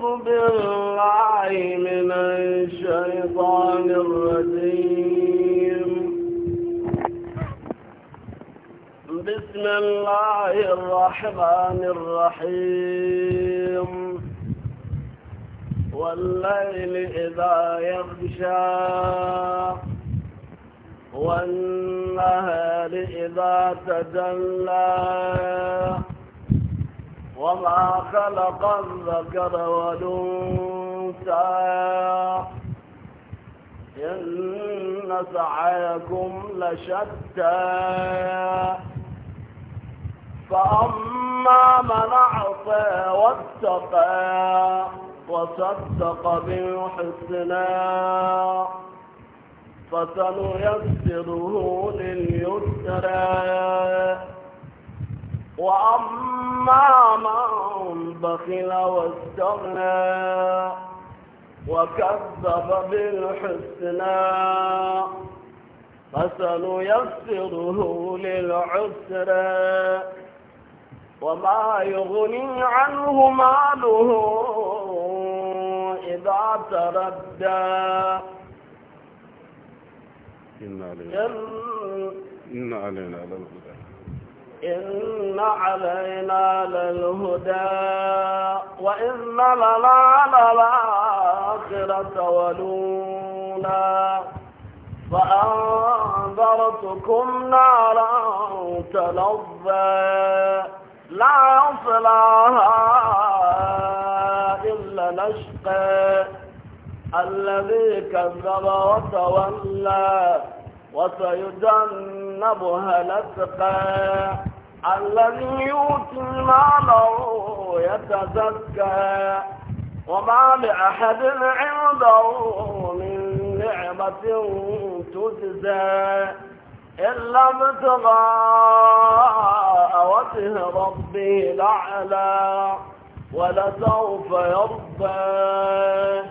أعوذ بالله من الشيطان الرجيم بسم الله الرحمن الرحيم والليل إذا يغشى والنهار إذا تجلى وما خلق الذكر والأنثى إن سعيكم لشتى فأما من أعطى واتقى وصدق بالحسنى فسنيسره لليسرى وأما من بخل واستغنى وكذب بالحسنى فسنيسره للعسرى وما يغني عنه ماله إذا تردى إن علينا إن علينا إن علينا للهدى وإن لنا للآخرة ولونا فأنذرتكم نارا تلظى لا يصلاها إلا نشقى الذي كذب وتولى وسيجنبها لتقى الذي يؤتي ماله يتزكى وما لأحد عنده من نعمة تجزى إلا ابتغاء وجه ربه الأعلى ولسوف يرضى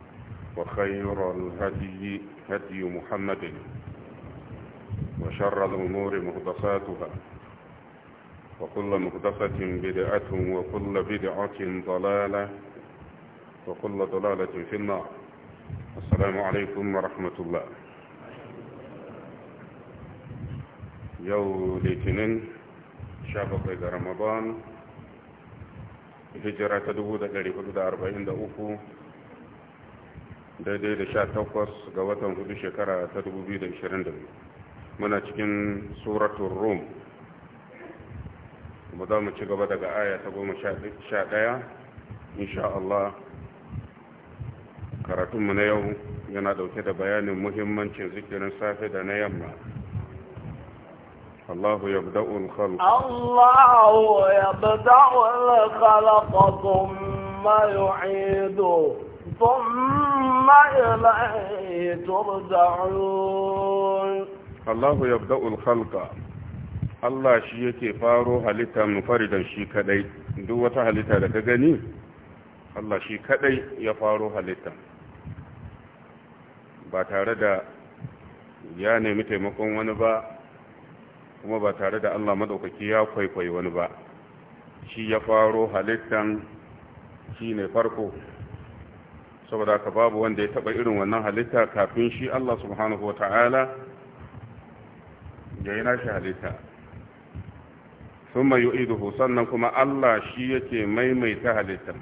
وخير الهدي هدي محمد وشر الأمور مهدساتها وكل مهدسة بدعة وكل بدعة ضلالة وكل ضلالة في النار السلام عليكم ورحمة الله يوم الاثنين شابق رمضان هجرة 40 443 daidai da sha takwas ga watan hudu shekara ta 2022 muna cikin suratun rum kuma za mu ci gaba daga aya ta goma sha ɗaya insha Allah karatunmu na yau yana ɗauke da bayanin muhimmancin zikirin safe da na yamma الله يبدأ الخلق الله يبدأ الخلق ثم يعيده ثم ثم إليه ترجعون الله يبدأ الخلق Allah shi yake faro halitta mufaridan shi kadai duk wata halitta da ka gani Allah shi kadai ya faro halitta ba tare da ya nemi taimakon wani ba kuma ba tare da Allah madaukaki ya kwaikwayi wani ba shi ya faro halittan shi ne farko saboda ka babu wanda ya taba irin wannan halitta kafin shi Allah subhanahu wa ta'ala ya yi nashi halitta sun mai yu'iduhu sannan kuma Allah shi yake maimaita halitta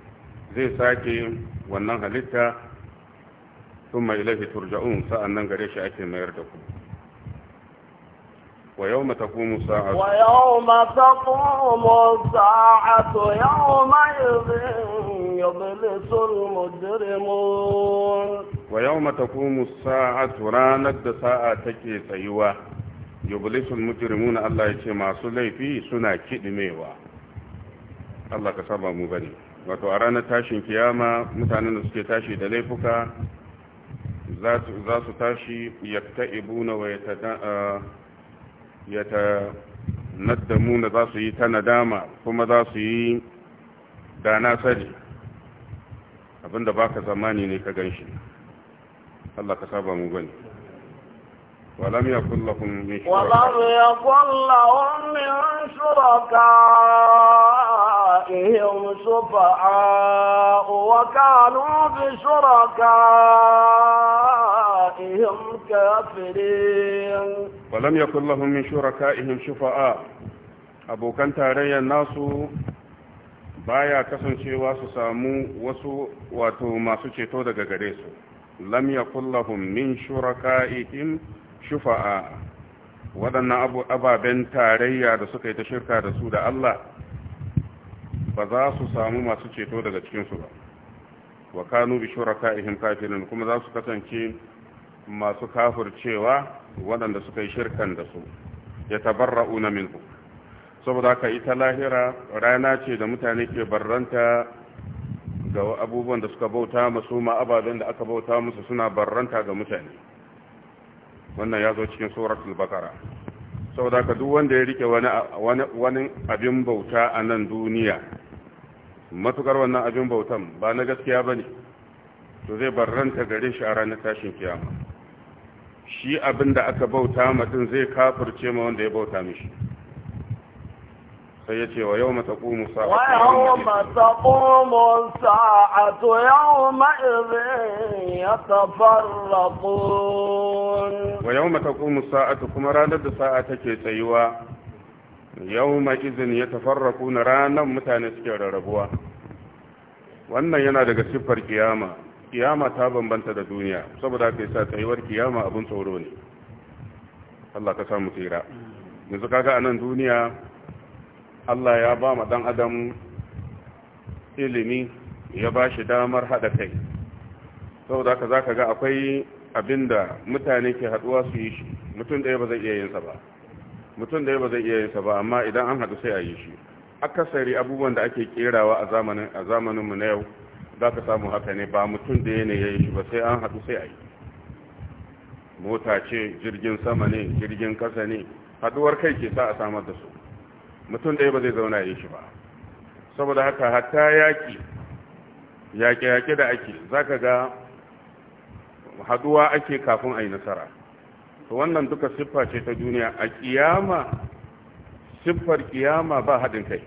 zai sake wannan halitta sun mai ilahi turja'un sa'an nan gare shi ake mayar da ku ويوم تقوم الساعة ويوم تقوم الساعة يومئذ يبلس المجرمون ويوم تقوم الساعة راند ساعة تكي سيوا يبلس المجرمون الله يتي ما صلي فيه سنة كدميوا الله كسبا مبني wato a ranar tashin kiyama mutanen da suke tashi da laifuka za su tashi yakta ibuna wa ya ya ta naddamu na za su yi ta nadama kuma za su yi da na sani abinda baka zamani ne ka ganshi Allah ka saba mu bane ولم يكن لهم من شركاء ولم يكن لهم من شركائهم شفعاء وكانوا بشركائهم كافرين falam yakul lahum min shuraka'ihim shufa'a abokan tarayyar nasu baya kasancewa su samu wasu wato masu ceto daga gare su lam yakul min shuraka'ihim shufa'a waɗannan ababen tarayya da suka yi ta shirka da su da Allah ba za su samu masu ceto daga cikinsu ba wa kanu bi shuraka'ihim kafirin kuma za su kasance masu kafircewa waɗanda suka yi shirkan da su ya min minhu saboda ka ita lahira rana ce da mutane ke barranta ga abubuwan da suka bauta masu ma da aka bauta musu suna barranta ga mutane wannan ya zo cikin suratul bakara saboda ka duk wanda ya rike wani abin bauta a nan duniya matukar wannan abin bautan ba na gaskiya ba ne to zai barranta gare shi a ranar tashin kiyama shi abin da aka bauta mutum zai kafirce ma wanda ya bauta mishi sai ya ce wa yau mata ƙumu sa'atu wa yau mata ƙumu sa'atu yau ma'izin ya tafarraƙun wa yau mata ƙumu sa'atu kuma ranar da sa'a take tsayuwa yau ma'izin ya tafarraƙun ranar mutane suke rarrabuwa wannan yana daga siffar kiyama kiyama ta bambanta da duniya saboda haka yasa tsayuwar kiyama abin tsoro ne Allah ka samu tsira yanzu kaga a nan duniya Allah ya ba ma dan adam ilimi ya ba shi damar haɗa kai saboda haka zaka ga akwai abinda mutane ke haduwa su yi shi mutum ɗaya ba zai iya yinsa ba mutum ɗaya ba zai iya yin ba amma idan an haɗu sai a yi shi akasari abubuwan da ake kerawa a zamanin a zamaninmu na yau za ka samu haka ne ba mutum da ya yi shi ba sai an haɗu sai a yi mota ce jirgin sama ne jirgin ƙasa ne haɗuwar kai ke sa a samar da su mutum ɗaya ba zai zauna yi shi ba saboda haka hatta yaƙi yaƙe-yaƙe da ake za ka ga haɗuwa ake kafin a yi nasara to wannan duka siffa ce ta duniya a ƙiyama siffar ƙiyama ba haɗin kai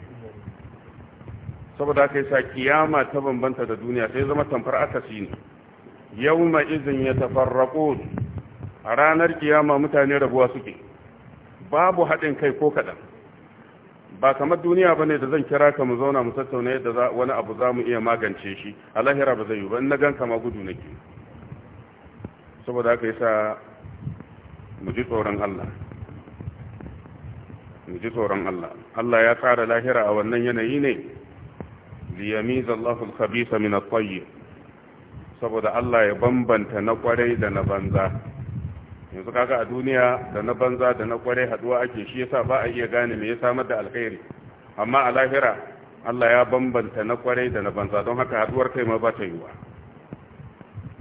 saboda haka yasa kiyama ta bambanta da duniya sai zama tamfar akasi ne yawma izin yatafarraqun a ranar kiyama mutane rabuwa suke babu haɗin kai ko kaɗan ba kamar duniya ba da zan kira ka mu zauna mu tattauna yadda wani abu za mu iya magance shi a lahira ba zai yi ba in na gan kama gudu nake saboda haka yasa mu ji tsoron Allah mu ji tsoron Allah Allah ya tsara lahira a wannan yanayi ne ليميز الله الخبيث من الطيب saboda Allah ya bambanta na kwarai da na banza yanzu kaga a duniya da na banza da na kwarai haduwa ake shi yasa ba a iya gane me ya samar da alkhairi amma a lahira Allah ya bambanta na kwarai da na banza don haka haduwar kai ma ba ta yiwa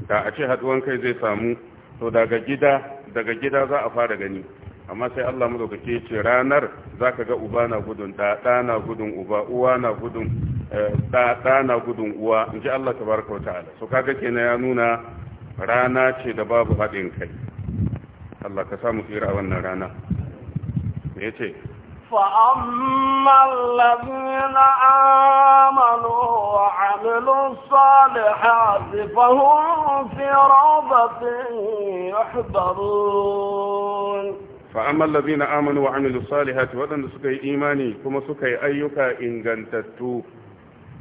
da a ce haduwan kai zai samu to daga gida daga gida za a fara gani amma sai Allah madaukake ce ranar zaka ga uba na gudun da da na gudun uba uwa na gudun da eh, da na gudun uwa inji Allah tabaraka ta'ala so kaga kenan ya nuna rana ce da babu hadin kai Allah ka samu tsira a wannan rana me yace فأما الذين آمنوا وعملوا الصالحات فهم في روضة يحبرون fa’amman labi na Amanu wa amini salihati waɗanda suka yi imani kuma suka yi ayyuka ingantattu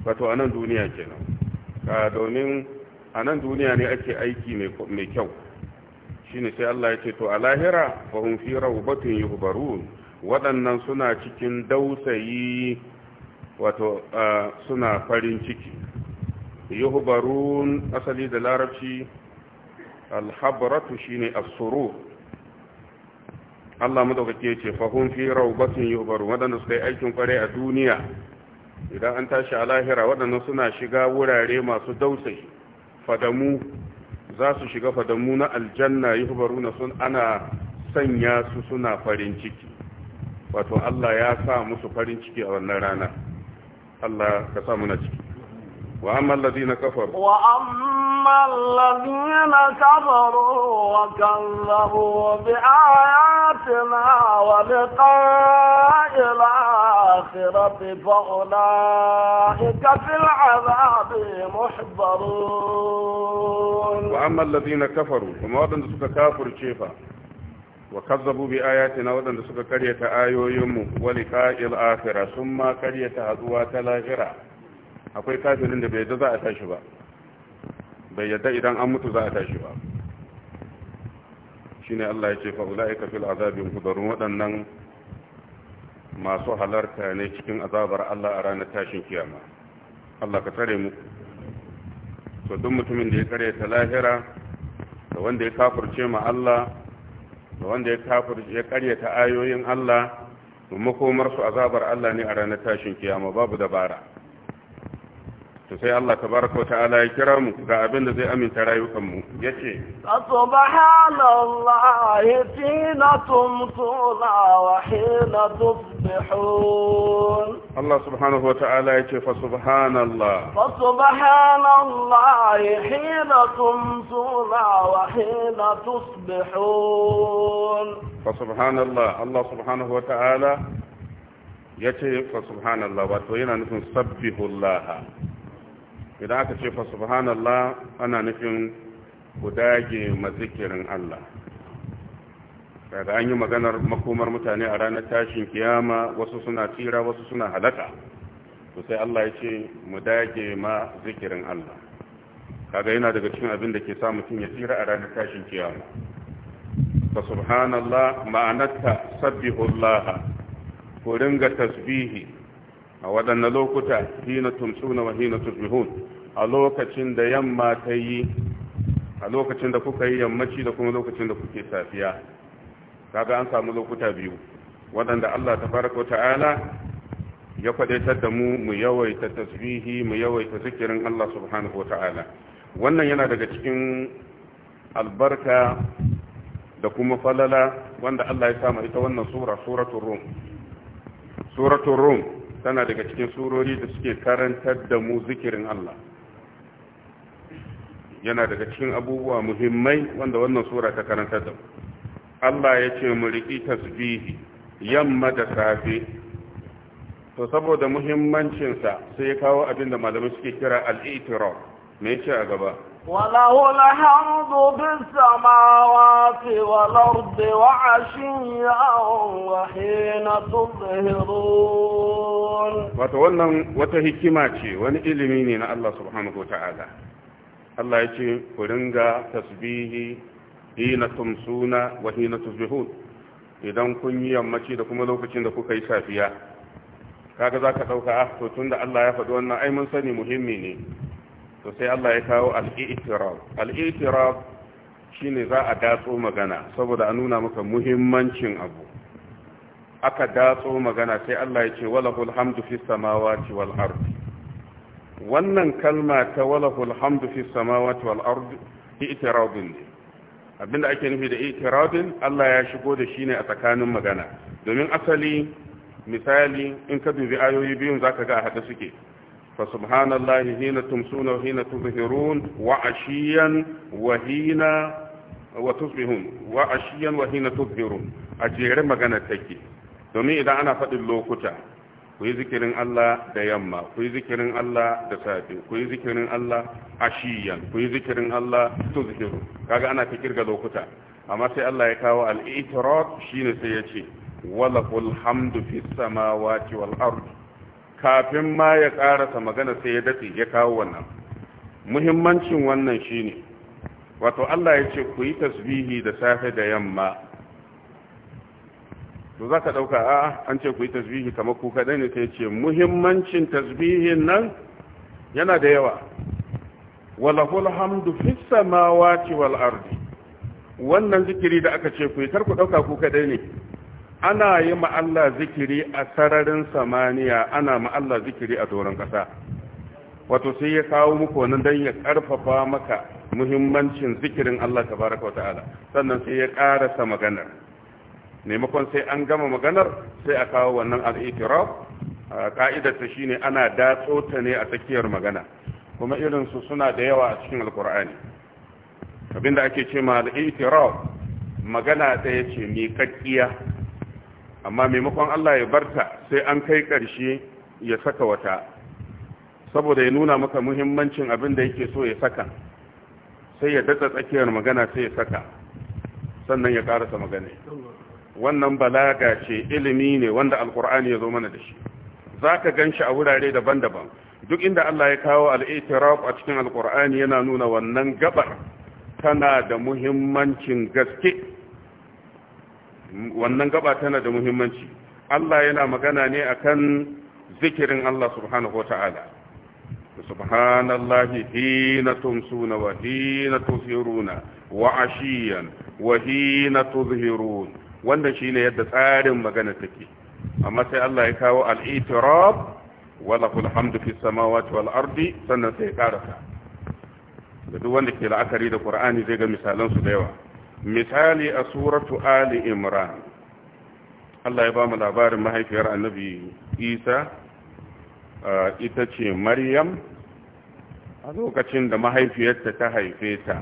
wato a nan duniya kenan ka domin a nan duniya ne ake aiki mai kyau shi sai allah ya ce to a lahira ba hun fi rahubatun yi hubaru waɗannan suna cikin dausayi wato suna farin ciki yi asali da larabci alhabaratu shi ne asurur Allah madaukake ya ce fahun fi raubatin yubaru waɗanda suka yi aikin kwarai a duniya idan an tashi a lahira waɗanda suna shiga wurare masu dausayi fadamu za su shiga fadamu na aljanna yubaru na sun ana sanya su suna farin ciki wato Allah ya sa musu farin ciki a wannan rana Allah ka sa muna ciki وأما الذين كفروا وأما الذين كفروا وكذبوا بآياتنا ولقاء الآخرة فأولئك في العذاب محضرون وأما الذين كفروا وما ودن سك كافر شيفا وكذبوا بآياتنا ودن سك كرية آيو يوم ولقاء الآخرة ثم كرية هدوات الآخرة akwai kafirin da bai yadda za a tashi ba bai yadda idan an mutu za a tashi ba Shi ne Allah ya ce fa'ula ya kafin azabin kudarun waɗannan masu halarta ne cikin azabar Allah a ranar tashin kiyama Allah ka tsare mu to duk mutumin da ya tsare ta lahira da wanda ya kafurce ma Allah da wanda ya kafirce ta karyata ayoyin Allah makomar su azabar Allah ne a ranar tashin kiyama babu dabara to sai Allah tabaraka ta'ala ya kira mu ga abin da zai aminta rayukan mu yace subhanallahi tina tumtuna wa hina tusbihun Allah subhanahu wa ta'ala yace fa subhanallah fa subhanallahi hina tumtuna wa hina tusbihun fa subhanallah Allah subhanahu wa ta'ala yace fa subhanallah wato yana nufin sabbihullaha idan aka ce fa subhanallah ana nufin ku dage mazikirin Allah daga an yi maganar makomar mutane a ranar tashin kiyama wasu suna tsira wasu suna halaka to sai Allah ya ce mu dage ma zikirin Allah kaga yana daga cikin abin da ke sa mutum ya tsira a ranar tashin kiyama fa subhanallah ma'anarta sabbihullah ku ringa tasbihi a waɗanne lokuta hina tumsuna wa hina a lokacin da yamma ta yi a lokacin da kuka yi yammaci da kuma lokacin da kuke safiya kaga an samu lokuta biyu waɗanda Allah tabaraka ta'ala ya kwadaitar da mu mu yawaita tasbihi mu yawaita zikirin Allah subhanahu ta'ala wannan yana daga cikin albarka da kuma falala wanda Allah ya sama ita wannan sura suratul rum suratul rum tana daga cikin surori da suke karantar da mu zikirin Allah yana daga cikin abubuwa muhimmai wanda wannan sura ta karantar da mu Allah ya ce mu riƙi tasbihi yamma da safe to saboda muhimmancinsa sai ya kawo abinda da malamai suke kira al al-i'tirar me ce a gaba وله الحمد في السماوات والأرض وعشيا وحين تظهرون وتولن وتهكماتي ونئلمين الله سبحانه وتعالى الله يتي قرنغا تسبيه حين تمسون وحين تصبحون idan kun yi yammaci da kuma lokacin da kuka yi safiya kaga za ka ɗauka ah to tun da Allah ya faɗi wannan ai mun sani muhimmi ne to sai Allah ya kawo al-i'tirab al-i'tirab shine za a datso magana saboda a nuna maka muhimmancin abu aka datso magana sai Allah ya ce walahul hamdu fis samawati wal ardi wannan kalma ta walahul hamdu fis samawati wal ardi i'tirabun ne abinda ake nufi da i'tirabin Allah ya shigo da shi ne a tsakanin magana domin asali misali in ka dubi ayoyi biyun zaka ga a hada suke فسبحان الله حين تمسون وحين تظهرون وعشيا وحين وتصبحون وعشيا وحين تظهرون أجير مغانا تكي دومي إذا أنا فقد اللوكتا zikirin Allah da yamma ku zikirin Allah da safe ku zikirin Allah ashiyan ku yi zikirin Allah to zikiru kaga ana fikir ga lokuta amma sai Allah ya kawo al shine sai ya ce wala hamdu kafin ma ya karasa magana sai ya dace ya kawo wannan muhimmancin wannan shine wato Allah ya ce ku yi tasbihi da safe da yamma to za ka ɗauka a an ce ku yi tasbihi kamar ku kaɗai ne sai ce muhimmancin tasbihin nan yana da yawa walahul hamdu fis samawati wal ardi wannan zikiri da aka ce ku yi kar ku ɗauka ku kaɗai ne ana yi ma Allah zikiri a sararin samaniya ana ma Allah zikiri a doron ƙasa wato sai ya kawo muku wani don ya ƙarfafa maka muhimmancin zikirin Allah baraka wa ta'ala sannan sai ya ƙarasa maganar maimakon sai an gama maganar sai a kawo wannan al-itiraf ka'idar ta shine ana datso ta ne a tsakiyar magana kuma irin su suna da yawa a cikin alkur'ani abinda ake ce ma al magana ɗaya ce miƙaƙƙiya amma maimakon Allah ya barta sai an kai ƙarshe ya saka wata saboda ya nuna maka muhimmancin abin da yake so ya saka sai ya datsa tsakiyar magana sai ya saka sannan ya karasa magana wannan balaga ce ilimi ne wanda alkur'ani ya zo mana da shi za ka gan shi a wurare daban-daban duk inda Allah ya kawo al'itiraf a cikin alkur'ani yana nuna wannan gabar tana da muhimmancin gaske wannan gaba tana da muhimmanci Allah yana magana ne akan zikirin Allah subhanahu wata'ala subhanallahi hina tumsuna wa hina tuzhiruna wa ashiyan wa hina tuzhirun wannan shine yadda tsarin magana take amma sai Allah ya kawo al-itirab wa lahul hamdu fis samawati wal ardi sannan sai ya karasa da duk wanda ke la'akari da Qur'ani zai ga misalan su da yawa misali a suratu ali imran Allah ya ba mu labarin mahaifiyar annabi isa ita ce maryam a lokacin da mahaifiyarta ta haife ta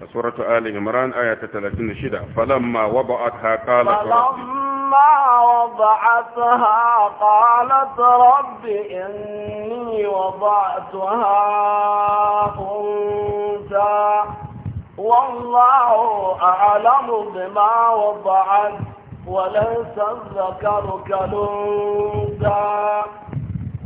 a suratu ali imran aya ta 36 falamma wada'atha qalat فلما وضعتها قالت رب إني وضعتها أنثى والله أعلم بما وضعت وليس الذكر كالأنثى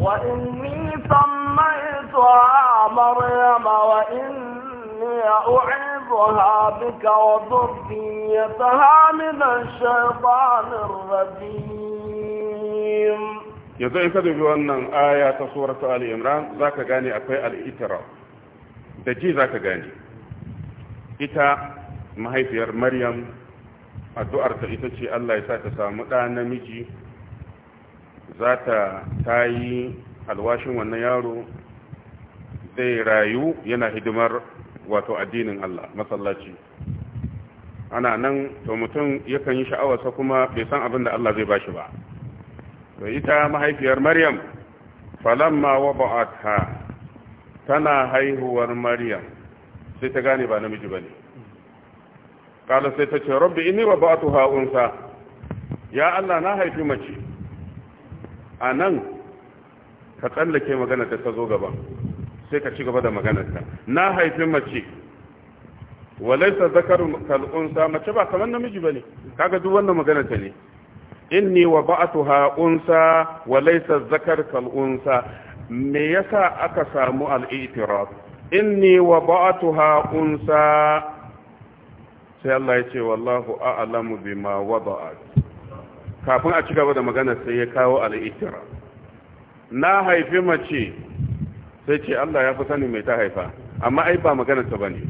وإني سميتها مريم وإني أعيذها بك وذريتها من الشيطان الرجيم yanzu in ka dubi wannan aya ta suratu Ali Imran zaka gane akwai al-itira da ji gane ita mahaifiyar maryam addu'ar addu'arta ita ce allah ya sa ta samu ɗa namiji za ta ta yi alwashin wannan yaro zai rayu yana hidimar wato addinin allah masallaci ana nan to mutum yakan yi sha'awarsa kuma bai san abin da allah zai bashi ba to ita mahaifiyar maryam falamma wada'atha tana haihuwar maryam sai ta gane ba namiji ba ne. kala sai ta ce rabbi inni wa ba'tu ha unsa ya Allah na haifi mace A nan ka tsallake maganar da ta zo gaba sai ka ci gaba da maganarka na haifi mace walaisa zakarun kal'unsa mace ba kamar namiji ba ne kaga duk wannan magana ta ne inni wa ba'atuha unsa walaisa zakar kal'unsa me yasa aka samu Al al'itiraf inni wa ba'atuha unsa sai Allah ya ce wallahu a'lamu bima wada'at kafin a ci gaba da magana sai ya kawo al'itira na haifi mace sai ce Allah ya fi sani mai ta haifa amma ai ba maganar ta bane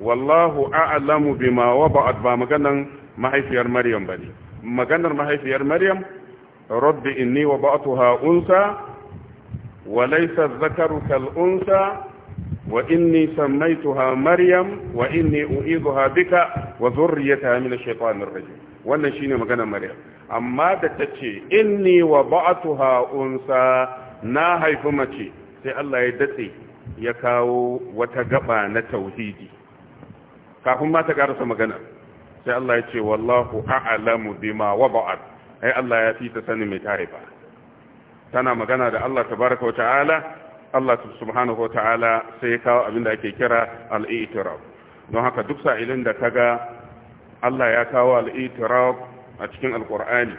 wallahu a'lamu bima wada'at ba maganar mahaifiyar Maryam bane maganar mahaifiyar Maryam rabbi inni wa ba'atuha unsa wa laysa adh-dhakaru kal unsa wa inni sammaituha maryam wa inni u'idhuha bika wa dhurriyyataha min ash-shaytanir rajim wannan shine maganar maryam amma da tace inni wa ba'atuha unsa na haifi mace sai Allah ya datse ya kawo wata gaba na tauhidi kafin ma ta karasa magana sai Allah ya ce wallahu a'lamu bima wada'at ai Allah ya fi ta mai ta haifa tana magana da Allah tabaraka wa ta'ala Allah subhanahu wa ta'ala sai ya kawo abin da ake kira al'itiraf don haka duk sa'ilin da ka ga Allah ya kawo al'itiraf a cikin alƙur'ani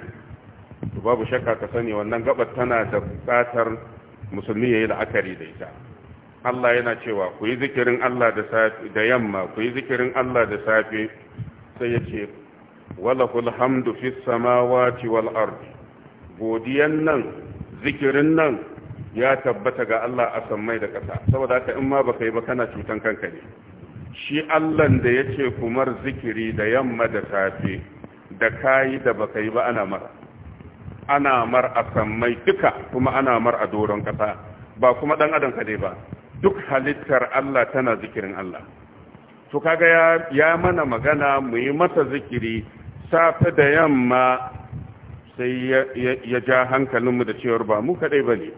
babu shakka ka sani wannan gabar tana da buƙatar musulmi ya yi la'akari da ita Allah yana cewa ku yi zikirin Allah da yamma ku yi zikirin Allah da safe sai ya ce walakul hamdu fis samawati wal ardi godiyan nan zikirin nan ya tabbata ga Allah a sammai da ƙasa saboda haka in ma baka yi ba kana cutan kanka ne shi Allah da ya yace kumar zikiri da yamma da safe da kayi da baka yi ba ana mara ana mar a sammai duka kuma ana mar a doron ƙasa ba kuma ɗan adam dai ba duk halittar Allah tana zikirin Allah to kaga ya mana magana mu yi masa zikiri safe da yamma sai ya ja hankalinmu da cewar ba mu kaɗai ba ne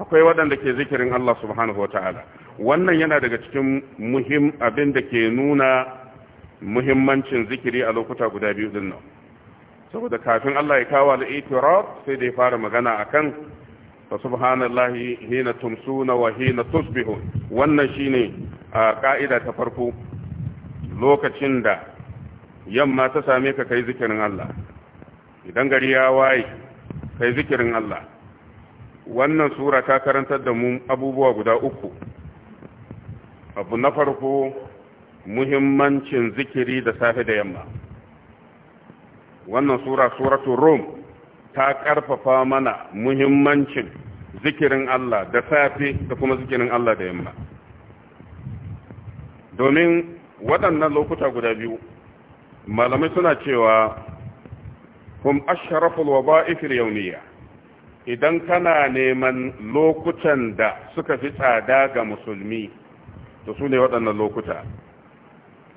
akwai waɗanda ke zikirin Allah subhanahu wata'ala wannan yana daga cikin muhim abin da ke nuna muhimmancin zikiri a lokuta guda biyu din nan saboda kafin Allah ya kawo al sai da ya fara magana akan fa subhanallahi hina tumsuna wa hina tusbihu wannan shine ka'ida ta farko lokacin da yamma ta same ka kai zikirin Allah idan gari ya waye kai zikirin Allah wannan sura ta karantar da mu abubuwa guda uku abu na farko muhimmancin zikiri da safe da yamma wannan sura suratul rum ta karfafa mana muhimmancin zikirin Allah da safe da kuma zikirin Allah da yamma domin waɗannan lokuta guda biyu malamai suna cewa hum ashraful wada'if al-yawmiyya idan kana neman lokutan da suka fi tsada ga musulmi to su ne waɗannan lokuta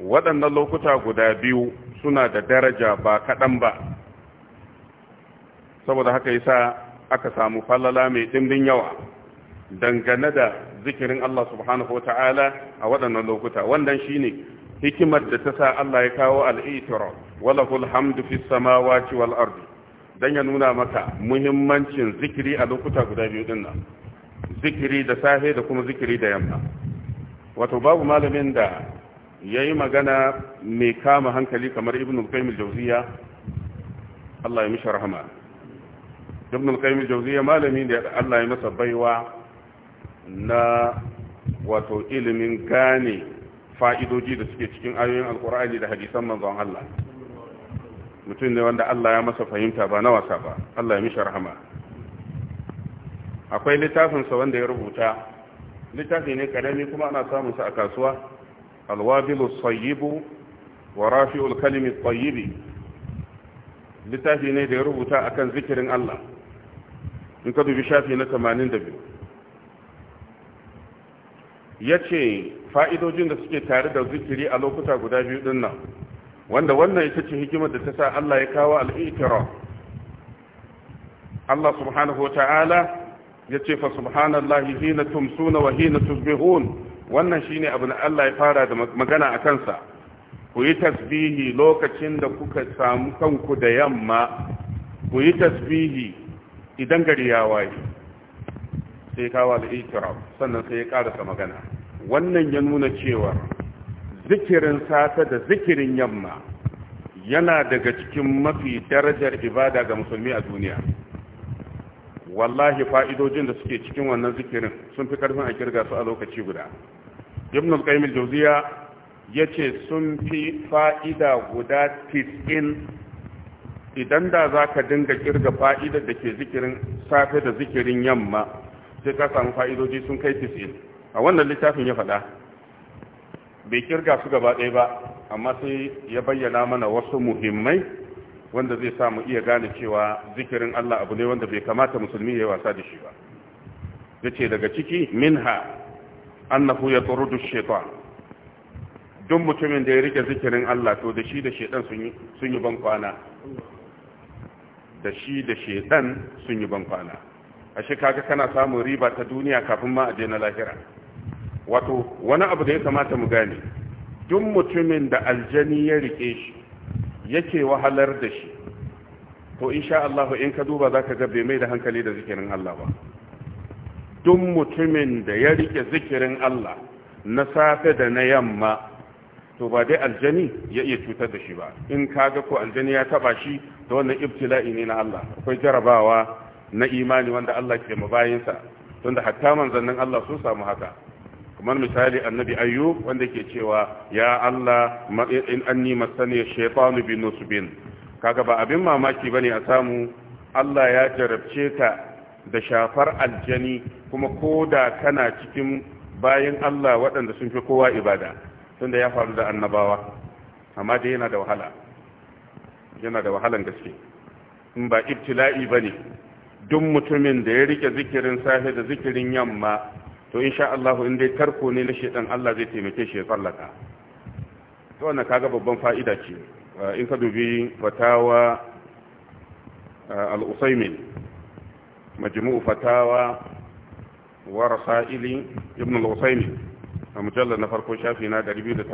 waɗannan lokuta guda biyu suna da daraja ba kaɗan ba saboda haka yasa aka samu falala mai ɗimbin yawa dangane da zikirin Allah subhanahu ta'ala a waɗannan lokuta wannan shine hikimar da ta sa Allah ya kawo al-i'tiraf wala hamdu fis samawati wal ardi dan ya nuna maka muhimmancin zikiri a lokuta guda biyu din nan zikiri da safe da kuma zikiri da yamma wato babu malamin da yayi magana mai kama hankali kamar ibnu qayyim al-jawziya Allah ya mishi rahama ibn al-qayyim al jawziya malami da Allah ya masa baiwa na wato ilimin gane fa'idoji da suke cikin ayoyin alqur'ani da hadisan manzon Allah mutum ne wanda Allah ya masa fahimta ba na wasa ba Allah ya mishi rahama akwai littafinsa wanda ya rubuta littafi ne karami kuma ana samun sa a kasuwa alwabilu sayyibu wa rafi'ul kalimi tayyibi littafi ne da ya rubuta akan zikirin Allah in ka dubi shafi na 82 yace fa'idojin da suke tare da zikiri a lokuta guda biyu din nan wanda wannan ita ce hikimar da ta sa Allah ya kawo al'ikira Allah subhanahu ta'ala ya ce fa subhanallahi hina tumsuna wa hina tusbihun wannan shine abin da Allah ya fara da magana a kansa ku yi tasbihi lokacin da kuka samu kanku da yamma ku yi tasbihi idan gari ya waye sai kawo al'ikira sannan sai ya karasa magana wannan ya nuna cewa zikirin safe da zikirin yamma yana daga cikin mafi darajar ibada ga musulmi a duniya wallahi fa'idojin da suke cikin wannan zikirin sun fi karfin a kirga su a lokaci guda ibn al-qayyim al-jawziya yace sun fi fa'ida guda 90 idan da zaka dinga kirga fa'idar da ke zikirin safe da zikirin yamma sai ka samu fa'idoji sun kai 90 a wannan littafin ya faɗa bai kirga su gaba ɗaya ba amma sai ya bayyana mana wasu muhimmai wanda zai sa mu iya gane cewa zikirin Allah abu ne wanda bai kamata musulmi ya yi wasa da shi ba Ya ce daga ciki minha annahu ya ash-shaytan duk mutumin da ya rike zikirin Allah to da shi da shedan sun yi ban kwana da shi da shedan sun yi ban kwana ashe kaga kana samun riba ta duniya kafin ma a je na lahira wato wani abu da ya kamata mu gane duk mutumin da aljani ya rike shi yake wahalar da shi to insha Allah in ka duba za ka ga bai mai da hankali da zikirin Allah ba duk mutumin da ya rike zikirin Allah na safe da na yamma to ba dai aljani ya iya cutar da shi ba in kaga ko aljani ya taba shi da wannan ibtila'i ne na Allah akwai jarabawa na imani wanda Allah ke bayinsa tunda hatta manzannin Allah sun samu haka kamar misali annabi ayyub wanda ke cewa ya Allah in anni masani shaytanu bi nusbin kaga ba abin mamaki bane a samu Allah ya jarabce ka da shafar aljani kuma koda kana cikin bayan Allah waɗanda sun fi kowa ibada tunda ya faru da annabawa amma dai yana da wahala yana da wahalan gaske in ba ibtila'i bane duk mutumin da ya rike zikirin safe da zikirin yamma to insha Allah in dai tarko ne na shedan Allah zai taimake shi ya tsallaka to wannan kaga babban fa'ida ce uh, in ka dubi fatawa uh, al-Usaymin majmu'u fatawa wa rasaili ibn al-Usaymin a mujallar na farko shafi na 287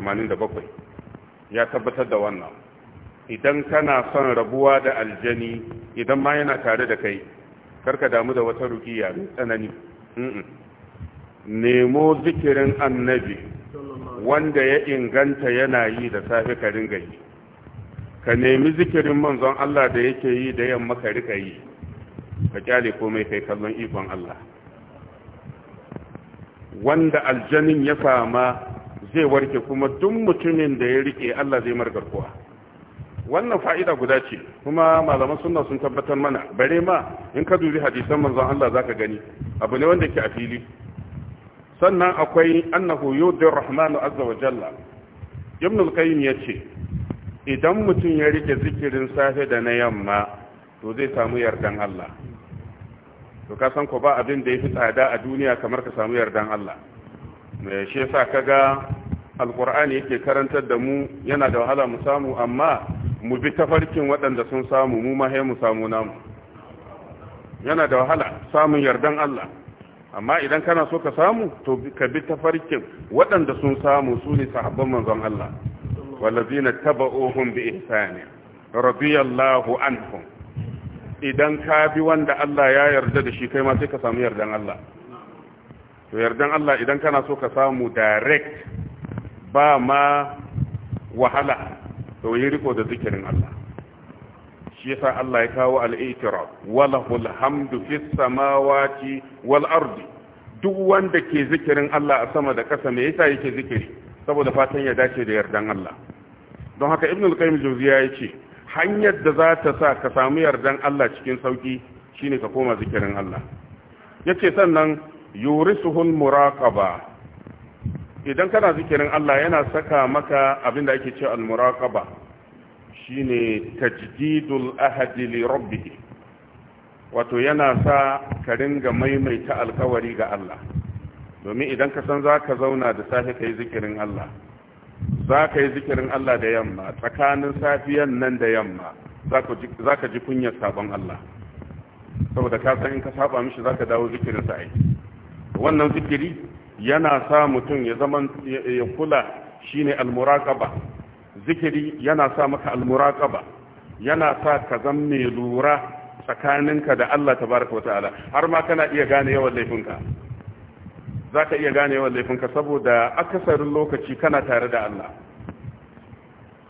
ya tabbatar da wannan idan kana son rabuwa da aljani idan ma yana tare da kai karka damu da wata rukiya tsanani nemo zikirin annabi wanda ya inganta yana yi da safe ka dinga yi ka nemi zikirin manzon Allah da yake yi da yamma ka rika yi ka kyale komai kai kallon ikon Allah wanda aljanin ya fama zai warke kuma duk mutumin da ya rike Allah zai mar garkuwa wannan fa'ida guda ce kuma malaman sunna sun tabbatar mana bare ma in ka dubi hadisan manzon Allah zaka gani abu ne wanda ke a fili sannan akwai annahu yudir rahmanu azza wa jalla ibn al-qayyim yace idan mutum ya rike zikirin safe da na yamma to zai samu yardan Allah to ka san ko ba abin da yafi tsada a duniya kamar ka samu yardan Allah me shi yasa kaga alkur'ani yake karantar da mu yana da wahala mu samu amma mu bi tafarkin waɗanda sun samu mu ma mu samu namu yana da wahala samun yardan Allah amma idan kana so ka samu to ka bi tafarkin waɗanda sun samu su ne sahabban manzon Allah wallazina taba'uhum bi ihsani radiyallahu anhum idan ka bi wanda Allah ya yarda da shi kai ma sai ka samu yardan Allah to yardan Allah idan kana so ka samu direct ba ma wahala to yi riko da zikirin Allah shi yasa Allah ya kawo al-i'tiraf walahul hamdu fis samawati wal ardi duk wanda ke zikirin Allah a sama da ƙasa me yasa yake zikiri saboda fatan ya dace da yardan Allah don haka ibn al-qayyim juziya yace hanyar da za ta sa ka samu yardan Allah cikin sauki shine ka koma zikirin Allah yace sannan yurisuhul muraqaba idan kana zikirin Allah yana saka maka abin da ake cewa al-muraqaba shine tajdidul ahadi li rabbihi wato yana sa ka ringa maimaita alkawari ga Allah domin idan ka san zaka zauna da safe kai zikirin Allah zaka yi zikirin Allah da yamma tsakanin safiyan nan da yamma zaka ji kunyar sabon Allah saboda ka san in ka saba mishi zaka dawo zikirin sa ai wannan zikiri yana sa mutum ya zaman ya kula shine al-muraqaba zikiri yana sa maka almuraqaba yana sa ka zama mai lura tsakaninka da Allah tabaraka wa ta'ala har ma kana iya gane yawan laifinka zaka iya gane yawan laifinka saboda akasarin lokaci kana tare da Allah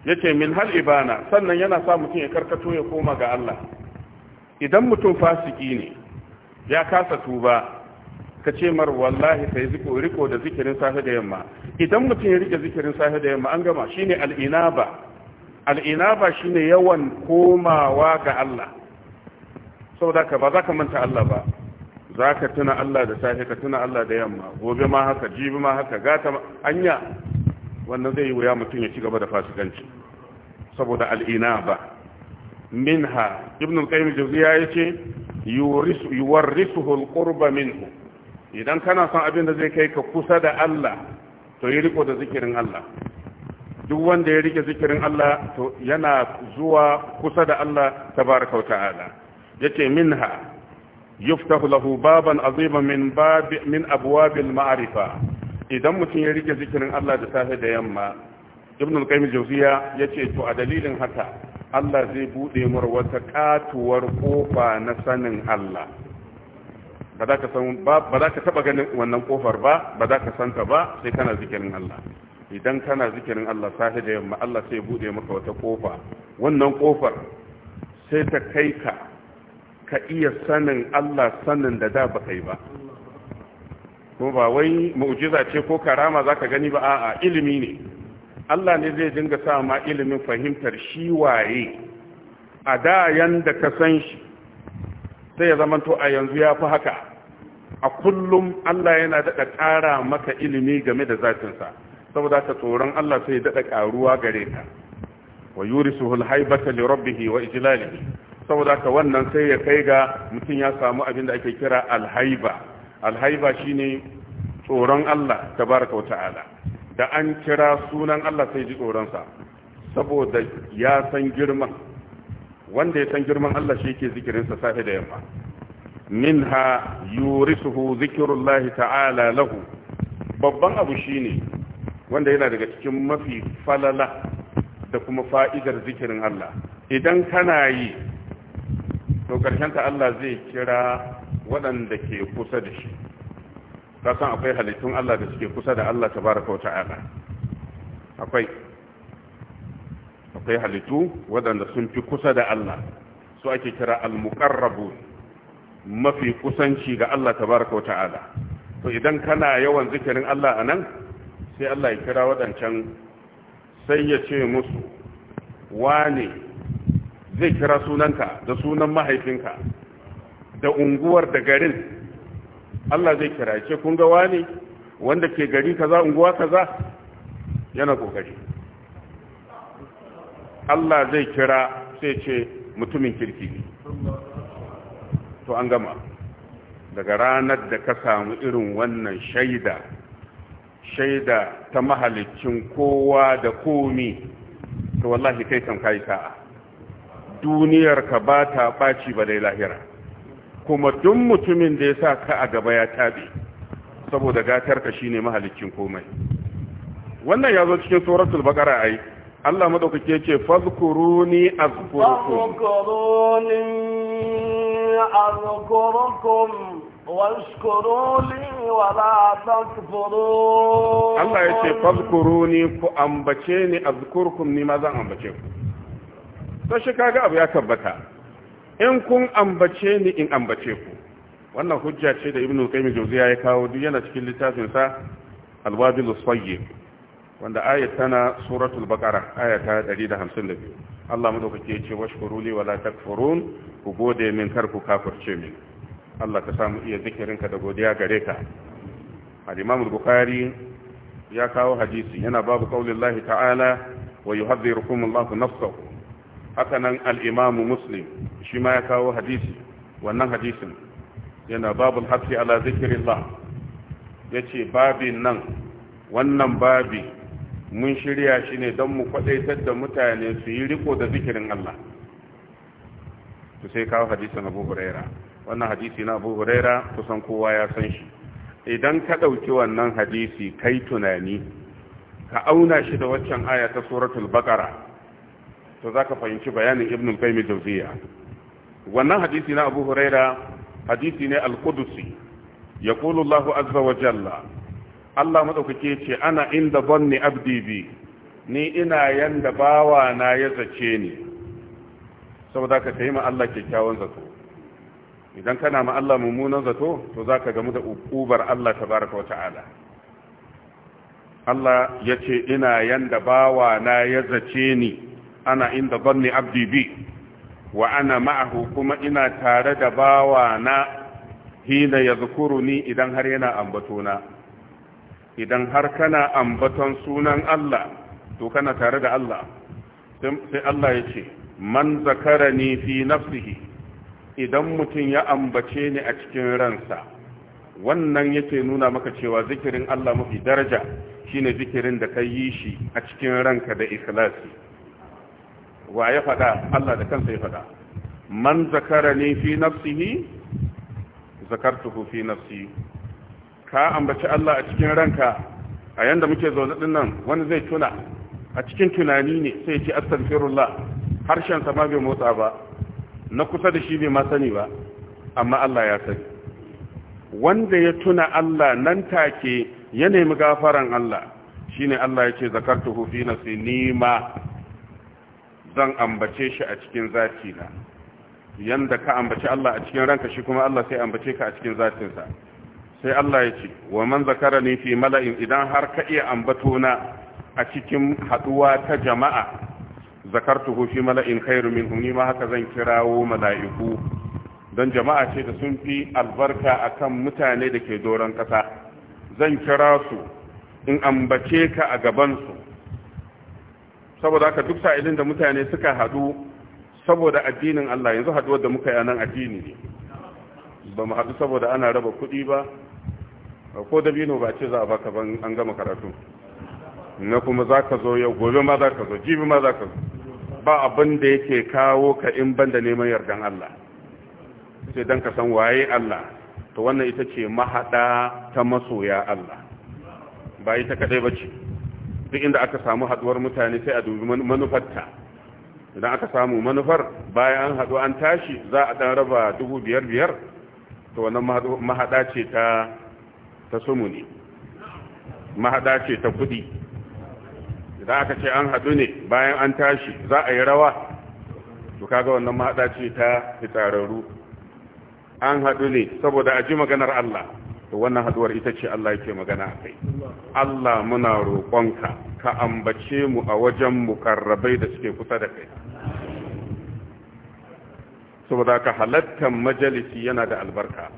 yace min hal ibana sannan yana sa mutum ya karkato ya koma ga Allah idan mutum fasiki ne ya kasa tuba ka ce mar wallahi ka ziko riko da zikirin safe da yamma idan mutum ya rike zikirin safe da yamma an gama shine al-inaba al-inaba shine yawan komawa ga Allah saboda ka ba za ka manta Allah ba za ka tuna Allah da safe ka tuna Allah da yamma gobe ma haka jibi ma haka gata anya wannan zai yi wuya mutum ya ci gaba da fasikanci saboda al'inaba minha ibn al-qayyim jawziya yace yuwarrisuhu al-qurba minhu idan kana son abin da zai kai ka kusa da Allah to yi riko da zikirin Allah duk wanda ya rike zikirin Allah to yana zuwa kusa da Allah tabaraka wa ta'ala yace minha yuftahu lahu baban aziman min bab min abwabil ma'rifa idan mutum ya rike zikirin Allah da safe da yamma ibn al-qayyim jawziya yace to a dalilin haka Allah zai bude mar wata katuwar kofa na sanin Allah ba za ka taba ganin wannan kofar ba ba za ka santa ba sai kana zikirin Allah idan kana zikirin Allah safe da yamma Allah sai ya bude maka wata kofa wannan kofar sai ta kai ka ka iya sanin Allah sanin da da ba kai ba ko ba wai mu'jiza ce ko karama zaka gani ba a'a ilimi ne Allah ne zai dinga sa ma ilimin fahimtar shi waye a da yanda ka san shi sai ya zamanto a yanzu ya fi haka a kullum Allah yana daɗa ƙara maka ilimi game da zatinsa saboda ka tsoron Allah sai daɗa ƙaruwa gare ka wa yurisu haibata li rabbihi wa ijlalihi saboda ka wannan sai ya kai ga mutum ya samu abin da ake kira alhaiba alhaiba shine tsoron Allah tabaraka wa ta'ala da an kira sunan Allah sai ji tsoronsa saboda ya san girman wanda ya san girman Allah shi yake zikirinsa safe da yamma منها يورثه ذكر الله تعالى له babban abu shine wanda yana daga cikin mafi falala da kuma fa'idar zikirin Allah idan kana yi to ta Allah zai kira waɗanda ke kusa da shi kasan akwai halittun Allah da suke kusa da Allah baraka wa ta'ala akwai akwai halittu waɗanda sun fi kusa da Allah su ake kira al-muqarrabun mafi kusanci ga Allah tabaraka wa ta'ala to idan kana yawan zikirin Allah anan sai Allah ya kira wadancan sai ya ce musu wane zai kira sunanka da sunan mahaifinka da unguwar da garin Allah zai kira ce kun ga wane wanda ke gari kaza unguwa kaza yana kokari Allah zai kira sai ce mutumin kirki ne to an gama daga ranar da ka samu irin wannan shaida shaida ta mahalicin kowa da komi to wallahi kai kan kai sa'a duniyar ka ba ta ɓaci ba dai lahira kuma duk mutumin da ya sa ka a gaba ya taɓe saboda gatar ka shine mahalicin komai wannan ya zo cikin suratul baqara ai Allah madaukake ce fazkuruni azkurkum أذكركم واشكروا لي ولا تكفرون الله يتي فاذكروني فأنبتيني أذكركم لماذا أنبتيكم tashi kaga abu ya tabbata in kun ambace ni in ambace ku wannan hujja ce da ibnu qayyim jawziya ya kawo duk yana cikin littafin sa al-wabil sayyib wanda ayat tana suratul baqara ayata 152 Allah madaukake ce washkuru li wala takfurun ku gode min kar ku kafirce min Allah ka samu iya zikirinka da godiya gare ka al-Imam al-Bukhari ya kawo hadisi yana babu qaulillahi ta'ala wa yuhadhdhirukum Allahu nafsahu haka nan al-Imam Muslim shi ma ya kawo hadisi wannan hadisin yana al hafi ala zikrillah yace babin nan wannan babi mun shirya shi ne don mu kwadaitar da mutane su yi riko da zikirin Allah to sai kawo hadisin Abu Huraira wannan hadisi na Abu Huraira kusan kowa ya san shi idan ka ɗauki wannan hadisi kai tunani ka auna shi da waccan aya ta suratul baqara to zaka fahimci bayanin Ibn qayyim wannan hadisi na Abu Huraira hadisi ne al-Qudusi yaqulu Allahu azza wa jalla Allah madaukake ce ana inda banni abdi bi ni ina yanda bawa na ya zace ni saboda ka tayi ma Allah kyakkyawan zato idan kana ma Allah mummunan zato to zaka gamu da ubar Allah tabaraka wa ta'ala Allah ya ce ina yanda bawa na ya zace ni ana inda banni abdi bi wa ana ma'ahu kuma ina tare da bawa na hina ya ni idan har yana ambatona idan har kana ambaton sunan Allah to kana tare da Allah sai Allah ya ce man zakarani fi nafsihi idan mutum ya ambace ni a cikin ransa wannan yake nuna maka cewa zikirin Allah mafi daraja shine zikirin da ka yi shi a cikin ranka da ikhlasi wa ya faɗa Allah da kansa ya faɗa man zakarani fi nafsihi zakartuhu fi nafsihi ka ambaci Allah a cikin ranka a yanda muke zaune din nan wani zai tuna a cikin tunani ne sai ya ce astaghfirullah harshen sa ma bai motsa ba na kusa da shi bai ma sani ba amma Allah ya sani wanda ya tuna Allah nan take ya nemi gafaran Allah shine Allah yake zakartuhu fi nafsi nima zan ambace shi a cikin na yanda ka ambaci Allah a cikin ranka shi kuma Allah sai ambace ka a cikin zatinsa sai Allah ya ce wa man zakara ni fi mala'in idan har ka iya ambato na a cikin haduwa ta jama'a zakartuhu fi mala'in khairu min ni ma haka zan kirawo mala'iku don jama'a ce da sun fi albarka akan mutane da ke doron kasa zan kira su in ambace ka a gaban su saboda haka duk sa'ilin da mutane suka hadu saboda addinin Allah yanzu haduwar da muka yi nan addini ne ba mu haɗu saboda ana raba kuɗi ba ko dabino ba ce za a baka ban an gama karatu na kuma za ka zo yau gobe ma za ka zo jibi ma za ka zo ba abin da yake kawo ka in ban da neman yardan Allah sai dan ka san waye Allah to wannan ita ce mahada ta masoya Allah ba ita kadai ce duk inda aka samu haduwar mutane sai a dubi manufarta idan aka samu manufar bayan an hadu an tashi za a dan raba dubu biyar biyar to wannan mahada ce ta ta sumu ne mahada ce ta kudi idan aka ce an hadu ne bayan an tashi za a yi rawa to kaga wannan mahada ce ta fitararru an hadu ne saboda a ji maganar Allah to wannan haduwar ita ce Allah yake magana a kai Allah muna roƙonka ka ambace mu a wajen mukarrabai da suke kusa da kai saboda ka halattar majalisi yana da albarka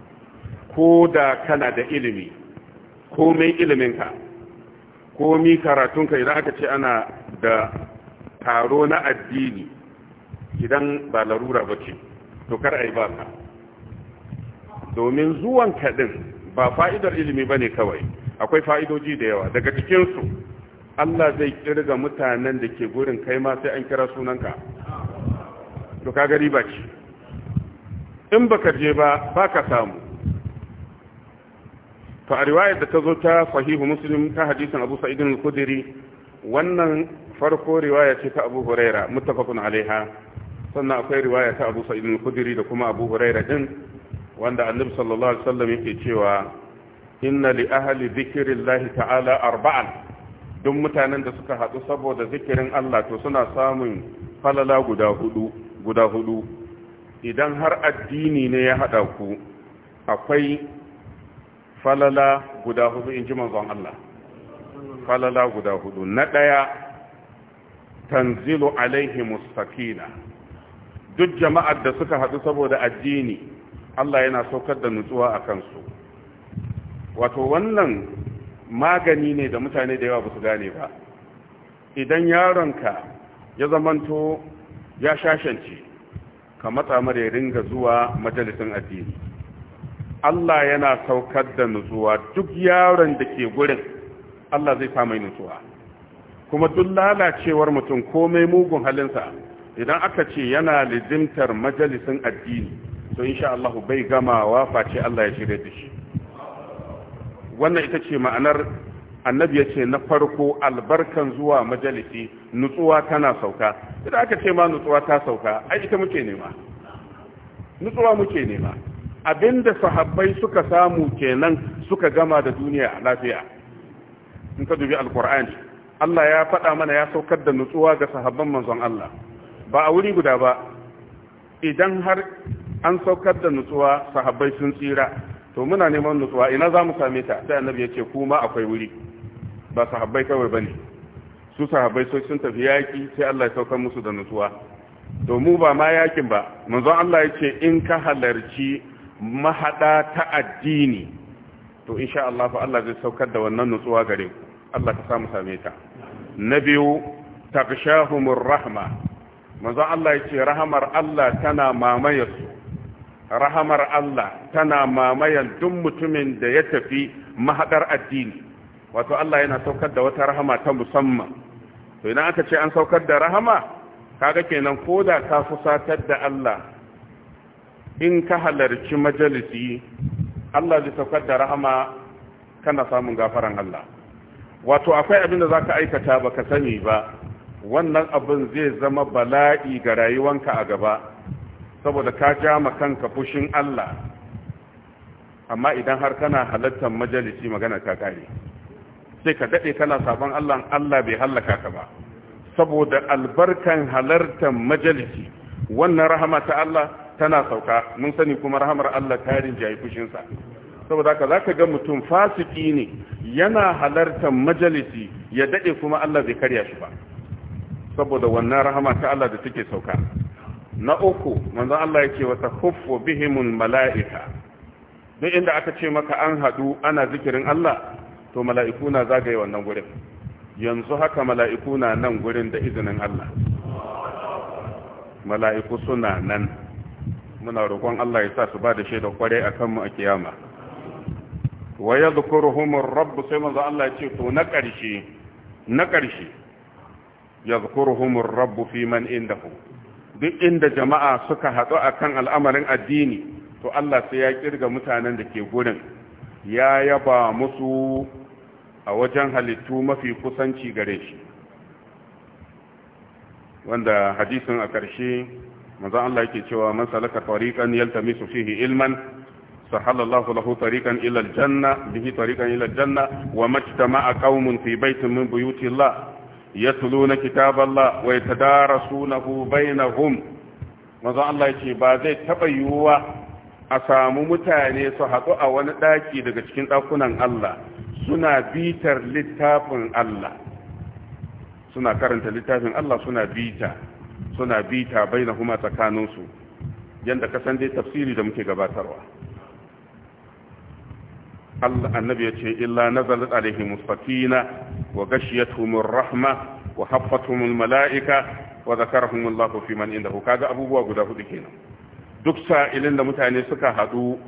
ko da kana da ilimi komai iliminka komi karatunka idan aka ce ana da taro na addini idan ba larura ba ce to kar a ba ka domin zuwan kaɗin ba fa'idar ilimi ba ne kawai akwai fa'idoji da yawa daga cikinsu Allah zai kirga mutanen da ke gurin kai ma sai an kira sunanka to ka gari ba ce in baka je ba baka samu to a riwayar da ta zo ta sahihu muslim ta hadisin abu sa'id al-khudri wannan farko riwaya ce ta abu huraira muttafaqun alaiha sannan akwai riwaya ta abu sa'id al-khudri da kuma abu huraira din wanda annabi sallallahu alaihi wasallam yake cewa inna li ahli dhikrillahi ta'ala arba'an duk mutanen da suka hadu saboda zikirin Allah to suna samun falala guda hudu guda hudu idan har addini ne ya hada ku akwai falala guda hudu in ji manzon Allah falala guda hudu na ɗaya tanzilu alaihi mustaqina duk jama'ar da suka haɗu saboda addini Allah yana saukar da nutsuwa a kansu wato wannan magani ne da mutane da yawa ba su gane ba idan yaronka ya zamanto ya shashanci ka matsa mara ringa zuwa majalisin addini Allah yana saukar da nutsuwa duk yaron da ke gurin Allah zai sa mai nutsuwa kuma duk lalacewar mutum komai mugun halinsa idan aka ce yana lidimtar majalisin addini to insha Allah bai wa face Allah ya shirye da shi wannan ita ce ma'anar annabi ya ce na farko albarkan zuwa majalisi nutsuwa tana sauka idan aka ce ma nutsuwa ta sauka ai ita muke nema nutsuwa muke nema Abin da sahabbai suka samu kenan suka gama da duniya a lafiya in ka dubi alkur'ani Allah ya faɗa mana ya saukar da nutsuwa ga sahabban manzon Allah ba a wuri guda ba idan har an saukar da nutsuwa sahabbai sun tsira to muna neman nutsuwa ina za mu same ta sai annabi ya ce kuma akwai wuri ba sahabbai kawai ba ne su sahabbai sai sun tafi yaƙi sai Allah ya saukar musu da nutsuwa to mu ba ma yakin ba manzon Allah ya ce in ka halarci mahada ta addini to insha Allah fa Allah zai saukar da wannan nutsuwa gare ku Allah ka samu same ta na biyu taqshahumur rahma manzo Allah yace rahamar Allah tana mamaye su rahamar Allah tana mamayan duk mutumin da ya tafi mahadar addini wato Allah yana saukar da wata rahama ta musamman to idan aka ce an saukar da rahama kaga kenan koda ka fusatar da Allah in ka halarci majalisi Allah zai saukar da rahama kana samun gafaran Allah wato akwai abin da za ka aikata ba ka sani ba wannan abin zai zama bala'i ga rayuwanka a gaba saboda ka ja ma kanka fushin Allah amma idan har kana halartar majalisi magana ka kare sai ka daɗe kana sabon Allah Allah bai hallaka ka ba saboda albarkan halartar majalisi wannan rahama ta Allah tana sauka mun sani kuma rahamar Allah tarin jayi fushinsa saboda ka zaka ga mutum fasiki ne yana halartar majalisi ya dade kuma Allah zai karya shi ba saboda wannan rahama ta Allah da take sauka na uku manzon Allah yake wa tahuffu bihimul malaika duk inda aka ce maka an hadu ana zikirin Allah to mala'iku na zagaye wannan gurin yanzu haka mala'iku na nan gurin da izinin Allah mala'iku suna nan muna roƙon Allah ya sa su ba da shaida kwarai a kanmu a kiyama wa ya humun rabu sai manzo Allah ya ce to na ƙarshe na ƙarshe ya zukuruhumun rabbu fi man indahu duk inda jama'a suka haɗu akan al'amarin addini to Allah sai ya kirga mutanen da ke gurin ya yaba musu a wajen halittu mafi kusanci gare shi wanda hadisin a ƙarshe manzon Allah yake cewa man salaka tariqan yaltamisu fihi ilman sahala Allah lahu tariqan ila aljanna bihi tariqan ila aljanna wa majtama'a qaumun fi baitin min buyuti Allah yatluna kitaballah wa yatadarasunahu bainahum manzon Allah yake ba zai taba yiwuwa a samu mutane su haɗu a wani ɗaki daga cikin ɗakunan Allah suna bitar littafin Allah suna karanta littafin Allah suna bita suna na bainahuma tsakaninsu yadda ka san dai tafsiri da muke gabatarwa annabi ya ce illa nazalat alaihi mustaqina wa gashiyatuhumur rahma wa haffatuhumul malaika wa zakarahumullahu fi man indahu ga abubuwa guda hudu kenan duk sa'ilin da mutane suka hadu